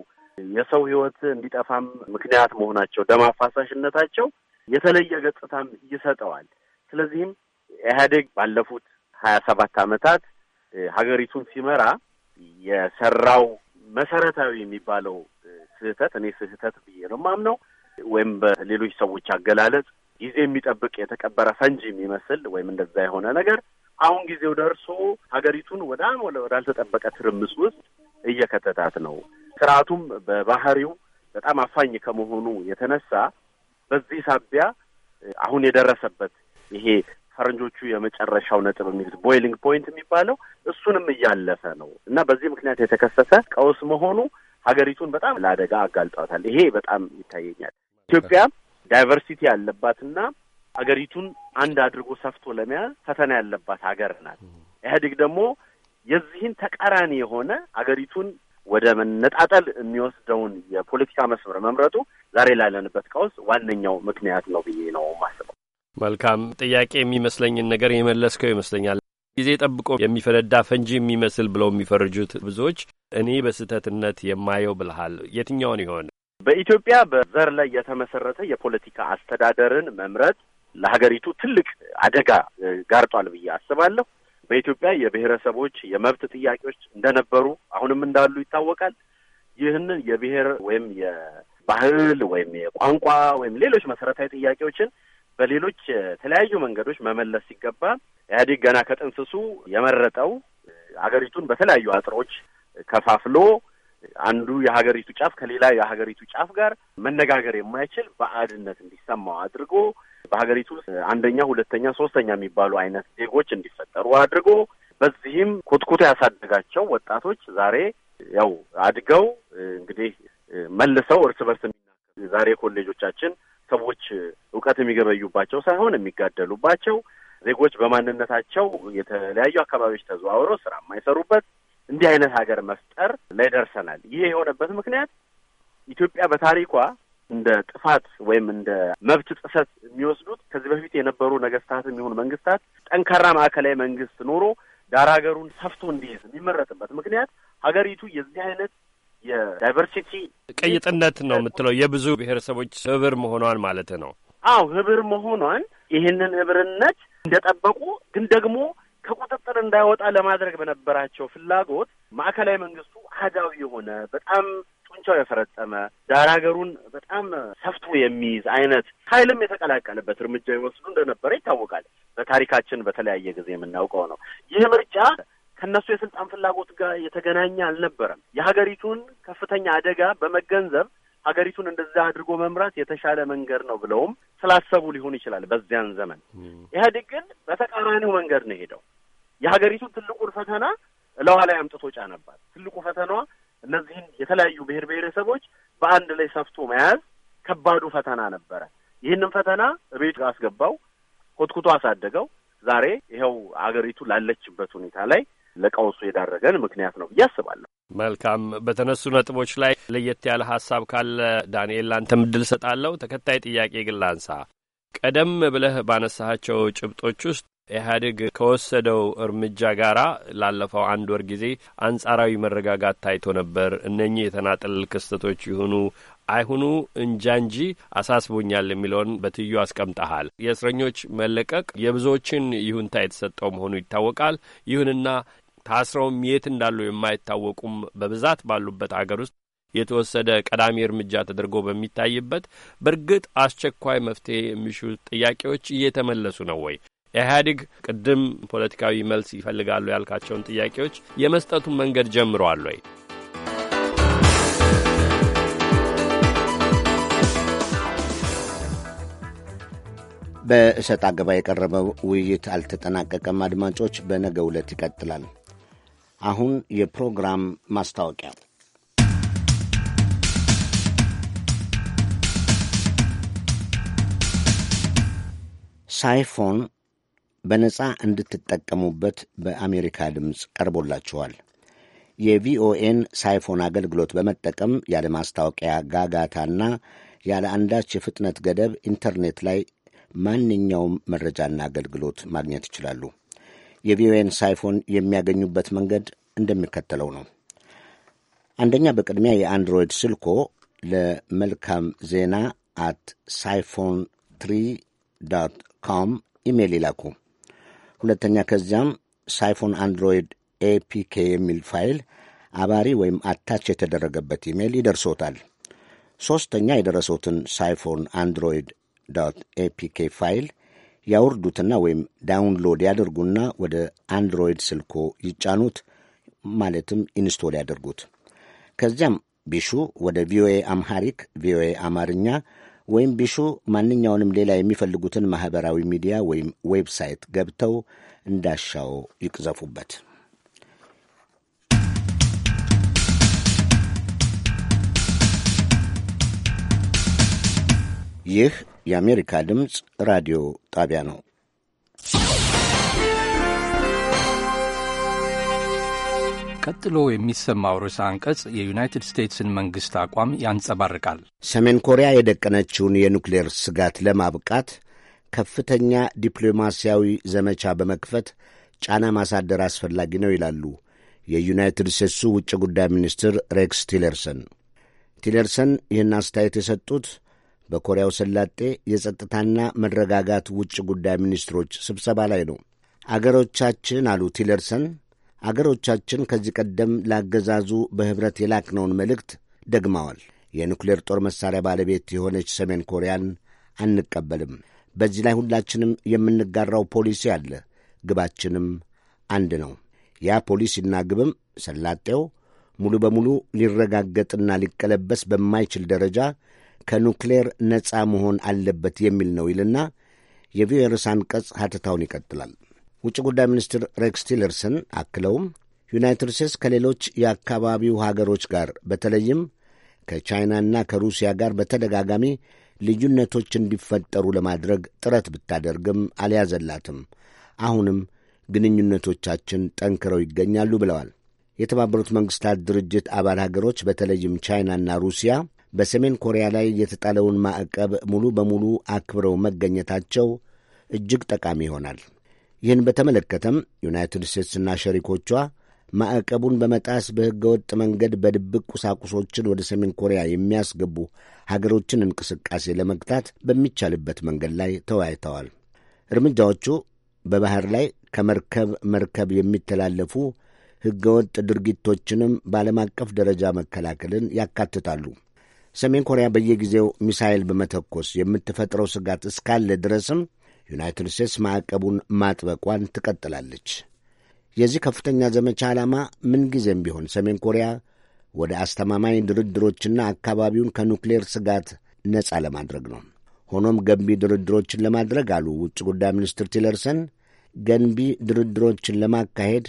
የሰው ህይወት እንዲጠፋም ምክንያት መሆናቸው ደም አፋሳሽነታቸው የተለየ ገጽታም ይሰጠዋል። ስለዚህም ኢህአዴግ ባለፉት ሀያ ሰባት አመታት ሀገሪቱን ሲመራ የሰራው መሰረታዊ የሚባለው ስህተት እኔ ስህተት ብዬ ነው የማምነው ወይም በሌሎች ሰዎች አገላለጽ ጊዜ የሚጠብቅ የተቀበረ ፈንጂ የሚመስል ወይም እንደዛ የሆነ ነገር አሁን ጊዜው ደርሶ ሀገሪቱን ወዳም ወዳልተጠበቀ ትርምስ ውስጥ እየከተታት ነው። ስርዓቱም በባህሪው በጣም አፋኝ ከመሆኑ የተነሳ በዚህ ሳቢያ አሁን የደረሰበት ይሄ ፈረንጆቹ የመጨረሻው ነጥብ የሚሉት ቦይሊንግ ፖይንት የሚባለው እሱንም እያለፈ ነው እና በዚህ ምክንያት የተከሰተ ቀውስ መሆኑ ሀገሪቱን በጣም ለአደጋ አጋልጧታል። ይሄ በጣም ይታየኛል። ኢትዮጵያ ዳይቨርሲቲ ያለባትና አገሪቱን አንድ አድርጎ ሰፍቶ ለመያዝ ፈተና ያለባት ሀገር ናት። ኢህአዴግ ደግሞ የዚህን ተቃራኒ የሆነ አገሪቱን ወደ መነጣጠል የሚወስደውን የፖለቲካ መስመር መምረጡ ዛሬ ላለንበት ቀውስ ዋነኛው ምክንያት ነው ብዬ ነው ማስበው። መልካም ጥያቄ የሚመስለኝን ነገር የመለስከው ይመስለኛል። ጊዜ ጠብቆ የሚፈነዳ ፈንጂ የሚመስል ብለው የሚፈርጁት ብዙዎች እኔ በስህተትነት የማየው ብልሃል የትኛውን ይሆን? በኢትዮጵያ በዘር ላይ የተመሰረተ የፖለቲካ አስተዳደርን መምረጥ ለሀገሪቱ ትልቅ አደጋ ጋርጧል ብዬ አስባለሁ። በኢትዮጵያ የብሔረሰቦች የመብት ጥያቄዎች እንደነበሩ አሁንም እንዳሉ ይታወቃል። ይህንን የብሔር ወይም የባህል ወይም የቋንቋ ወይም ሌሎች መሰረታዊ ጥያቄዎችን በሌሎች የተለያዩ መንገዶች መመለስ ሲገባ ኢህአዴግ ገና ከጥንስሱ የመረጠው ሀገሪቱን በተለያዩ አጥሮች ከፋፍሎ አንዱ የሀገሪቱ ጫፍ ከሌላ የሀገሪቱ ጫፍ ጋር መነጋገር የማይችል ባዕድነት እንዲሰማው አድርጎ በሀገሪቱ ውስጥ አንደኛ፣ ሁለተኛ፣ ሶስተኛ የሚባሉ አይነት ዜጎች እንዲፈጠሩ አድርጎ በዚህም ኮትኩቶ ያሳደጋቸው ወጣቶች ዛሬ ያው አድገው እንግዲህ መልሰው እርስ በርስ ዛሬ ኮሌጆቻችን ሰዎች እውቀት የሚገበዩባቸው ሳይሆን የሚጋደሉባቸው ዜጎች በማንነታቸው የተለያዩ አካባቢዎች ተዘዋውረው ስራ የማይሰሩበት እንዲህ አይነት ሀገር መፍጠር ላይ ደርሰናል። ይህ የሆነበት ምክንያት ኢትዮጵያ በታሪኳ እንደ ጥፋት ወይም እንደ መብት ጥሰት የሚወስዱት ከዚህ በፊት የነበሩ ነገስታት የሚሆኑ መንግስታት ጠንካራ ማዕከላዊ መንግስት ኖሮ ዳር ሀገሩን ሰፍቶ እንዲይዝ የሚመረጥበት ምክንያት ሀገሪቱ የዚህ አይነት የዳይቨርሲቲ ቅይጥነት ነው የምትለው የብዙ ብሔረሰቦች ህብር መሆኗን ማለት ነው። አዎ ህብር መሆኗን ይህንን ህብርነት እንደጠበቁ ግን ደግሞ ከቁጥጥር እንዳይወጣ ለማድረግ በነበራቸው ፍላጎት ማዕከላዊ መንግስቱ አህዳዊ የሆነ በጣም ጡንቻው የፈረጠመ ዳር ሀገሩን በጣም ሰፍቶ የሚይዝ አይነት ኃይልም የተቀላቀለበት እርምጃ ይወስዱ እንደነበረ ይታወቃል። በታሪካችን በተለያየ ጊዜ የምናውቀው ነው። ይህ ምርጫ ከእነሱ የስልጣን ፍላጎት ጋር የተገናኘ አልነበረም። የሀገሪቱን ከፍተኛ አደጋ በመገንዘብ ሀገሪቱን እንደዚያ አድርጎ መምራት የተሻለ መንገድ ነው ብለውም ስላሰቡ ሊሆን ይችላል። በዚያን ዘመን ኢህአዴግ ግን በተቃራኒው መንገድ ነው የሄደው። የሀገሪቱን ትልቁን ፈተና ለኋላ አምጥቶ ጫነባት። ትልቁ ፈተናዋ እነዚህን የተለያዩ ብሔር ብሔረሰቦች በአንድ ላይ ሰፍቶ መያዝ ከባዱ ፈተና ነበረ። ይህንም ፈተና እቤቱ አስገባው፣ ኮትኩቶ አሳደገው። ዛሬ ይኸው አገሪቱ ላለችበት ሁኔታ ላይ ለቀውሱ የዳረገን ምክንያት ነው ብዬ አስባለሁ። መልካም። በተነሱ ነጥቦች ላይ ለየት ያለ ሀሳብ ካለ ዳንኤል ላንተም ምድል ሰጣለሁ። ተከታይ ጥያቄ ግን ላንሳ። ቀደም ብለህ ባነሳሃቸው ጭብጦች ውስጥ ኢህአዴግ ከወሰደው እርምጃ ጋር ላለፈው አንድ ወር ጊዜ አንጻራዊ መረጋጋት ታይቶ ነበር። እነኚህ የተናጠል ክስተቶች ይሁኑ አይሁኑ እንጃ እንጂ አሳስቦኛል የሚለውን በትዩ አስቀምጠሃል። የእስረኞች መለቀቅ የብዙዎችን ይሁንታ የተሰጠው መሆኑ ይታወቃል። ይሁንና ታስረውም የት እንዳሉ የማይታወቁም በብዛት ባሉበት አገር ውስጥ የተወሰደ ቀዳሚ እርምጃ ተደርጎ በሚታይበት በእርግጥ አስቸኳይ መፍትሄ የሚሹ ጥያቄዎች እየተመለሱ ነው ወይ? ኢህአዴግ ቅድም ፖለቲካዊ መልስ ይፈልጋሉ ያልካቸውን ጥያቄዎች የመስጠቱን መንገድ ጀምረዋል ወይ? በእሰጥ አገባ የቀረበው ውይይት አልተጠናቀቀም። አድማጮች፣ በነገ ዕለት ይቀጥላል። አሁን የፕሮግራም ማስታወቂያ ሳይፎን በነጻ እንድትጠቀሙበት በአሜሪካ ድምፅ ቀርቦላችኋል። የቪኦኤን ሳይፎን አገልግሎት በመጠቀም ያለ ማስታወቂያ ጋጋታና ያለ አንዳች የፍጥነት ገደብ ኢንተርኔት ላይ ማንኛውም መረጃና አገልግሎት ማግኘት ይችላሉ። የቪኦኤን ሳይፎን የሚያገኙበት መንገድ እንደሚከተለው ነው። አንደኛ፣ በቅድሚያ የአንድሮይድ ስልኮ ለመልካም ዜና አት ሳይፎን ትሪ ዶት ኮም ኢሜይል ይላኩ። ሁለተኛ ከዚያም ሳይፎን አንድሮይድ ኤፒኬ የሚል ፋይል አባሪ ወይም አታች የተደረገበት ኢሜይል ይደርሶታል። ሦስተኛ የደረሰውትን ሳይፎን አንድሮይድ ኤፒኬ ፋይል ያወርዱትና ወይም ዳውንሎድ ያደርጉና ወደ አንድሮይድ ስልኮ ይጫኑት፣ ማለትም ኢንስቶል ያደርጉት። ከዚያም ቢሹ ወደ ቪኦኤ አምሃሪክ ቪኦኤ አማርኛ ወይም ቢሹ ማንኛውንም ሌላ የሚፈልጉትን ማኅበራዊ ሚዲያ ወይም ዌብሳይት ገብተው እንዳሻው ይቅዘፉበት። ይህ የአሜሪካ ድምፅ ራዲዮ ጣቢያ ነው። ቀጥሎ የሚሰማው ርዕሰ አንቀጽ የዩናይትድ ስቴትስን መንግሥት አቋም ያንጸባርቃል። ሰሜን ኮሪያ የደቀነችውን የኑክሌር ስጋት ለማብቃት ከፍተኛ ዲፕሎማሲያዊ ዘመቻ በመክፈት ጫና ማሳደር አስፈላጊ ነው ይላሉ የዩናይትድ ስቴትሱ ውጭ ጉዳይ ሚኒስትር ሬክስ ቲለርሰን። ቲለርሰን ይህን አስተያየት የሰጡት በኮሪያው ሰላጤ የጸጥታና መረጋጋት ውጭ ጉዳይ ሚኒስትሮች ስብሰባ ላይ ነው። አገሮቻችን አሉ ቲለርሰን አገሮቻችን ከዚህ ቀደም ላገዛዙ በኅብረት የላክነውን መልእክት ደግመዋል። የኑክሌር ጦር መሣሪያ ባለቤት የሆነች ሰሜን ኮሪያን አንቀበልም። በዚህ ላይ ሁላችንም የምንጋራው ፖሊሲ አለ። ግባችንም አንድ ነው። ያ ፖሊሲና ግብም ሰላጤው ሙሉ በሙሉ ሊረጋገጥና ሊቀለበስ በማይችል ደረጃ ከኑክሌር ነፃ መሆን አለበት የሚል ነው ይልና የቪዮርስ አንቀጽ ሐተታውን ይቀጥላል። ውጭ ጉዳይ ሚኒስትር ሬክስ ቲለርሰን አክለውም ዩናይትድ ስቴትስ ከሌሎች የአካባቢው ሀገሮች ጋር በተለይም ከቻይናና ከሩሲያ ጋር በተደጋጋሚ ልዩነቶች እንዲፈጠሩ ለማድረግ ጥረት ብታደርግም አልያዘላትም። አሁንም ግንኙነቶቻችን ጠንክረው ይገኛሉ ብለዋል። የተባበሩት መንግሥታት ድርጅት አባል ሀገሮች በተለይም ቻይናና ሩሲያ በሰሜን ኮሪያ ላይ የተጣለውን ማዕቀብ ሙሉ በሙሉ አክብረው መገኘታቸው እጅግ ጠቃሚ ይሆናል። ይህን በተመለከተም ዩናይትድ ስቴትስና ሸሪኮቿ ማዕቀቡን በመጣስ በሕገ ወጥ መንገድ በድብቅ ቁሳቁሶችን ወደ ሰሜን ኮሪያ የሚያስገቡ ሀገሮችን እንቅስቃሴ ለመግታት በሚቻልበት መንገድ ላይ ተወያይተዋል። እርምጃዎቹ በባህር ላይ ከመርከብ መርከብ የሚተላለፉ ወጥ ድርጊቶችንም በዓለም አቀፍ ደረጃ መከላከልን ያካትታሉ። ሰሜን ኮሪያ በየጊዜው ሚሳይል በመተኮስ የምትፈጥረው ስጋት እስካለ ድረስም ዩናይትድ ስቴትስ ማዕቀቡን ማጥበቋን ትቀጥላለች። የዚህ ከፍተኛ ዘመቻ ዓላማ ምንጊዜም ቢሆን ሰሜን ኮሪያ ወደ አስተማማኝ ድርድሮችና አካባቢውን ከኑክሌር ስጋት ነጻ ለማድረግ ነው። ሆኖም ገንቢ ድርድሮችን ለማድረግ አሉ ውጭ ጉዳይ ሚኒስትር ቲለርሰን፣ ገንቢ ድርድሮችን ለማካሄድ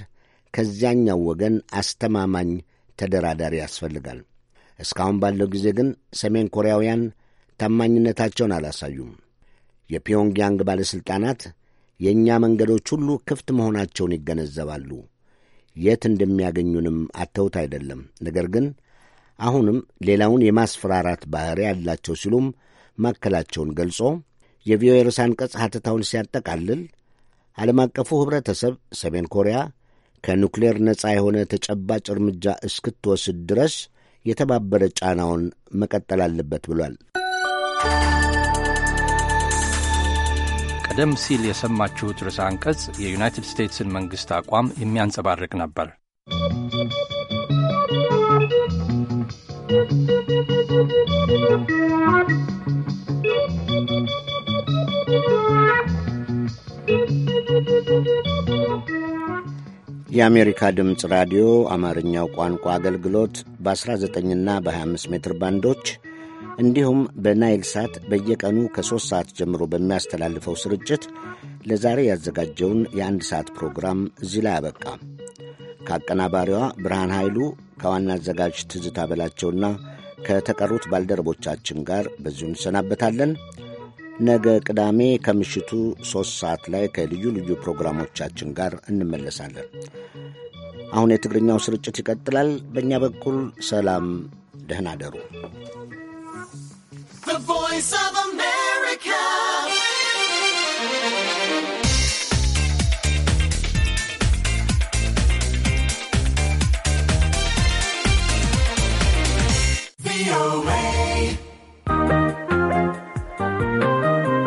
ከዚያኛው ወገን አስተማማኝ ተደራዳሪ ያስፈልጋል። እስካሁን ባለው ጊዜ ግን ሰሜን ኮሪያውያን ታማኝነታቸውን አላሳዩም። የፒዮንግያንግ ባለሥልጣናት የእኛ መንገዶች ሁሉ ክፍት መሆናቸውን ይገነዘባሉ። የት እንደሚያገኙንም አተውት አይደለም። ነገር ግን አሁንም ሌላውን የማስፈራራት ባሕሪ ያላቸው ሲሉም ማከላቸውን ገልጾ የቪኦኤ ርዕሰ አንቀጽ ሐተታውን ሲያጠቃልል ዓለም አቀፉ ኅብረተሰብ ሰሜን ኮሪያ ከኑክሌር ነፃ የሆነ ተጨባጭ እርምጃ እስክትወስድ ድረስ የተባበረ ጫናውን መቀጠል አለበት ብሏል። ቀደም ሲል የሰማችሁት ርዕሰ አንቀጽ የዩናይትድ ስቴትስን መንግሥት አቋም የሚያንጸባርቅ ነበር። የአሜሪካ ድምፅ ራዲዮ አማርኛው ቋንቋ አገልግሎት በ19ና በ25 ሜትር ባንዶች እንዲሁም በናይል ሳት በየቀኑ ከሦስት ሰዓት ጀምሮ በሚያስተላልፈው ስርጭት ለዛሬ ያዘጋጀውን የአንድ ሰዓት ፕሮግራም እዚህ ላይ አበቃ። ከአቀናባሪዋ ብርሃን ኃይሉ ከዋና አዘጋጅ ትዝታ በላቸውና ከተቀሩት ባልደረቦቻችን ጋር በዚሁ እንሰናበታለን። ነገ ቅዳሜ ከምሽቱ ሦስት ሰዓት ላይ ከልዩ ልዩ ፕሮግራሞቻችን ጋር እንመለሳለን። አሁን የትግርኛው ስርጭት ይቀጥላል። በእኛ በኩል ሰላም፣ ደህና አደሩ። The voice of America. O. A.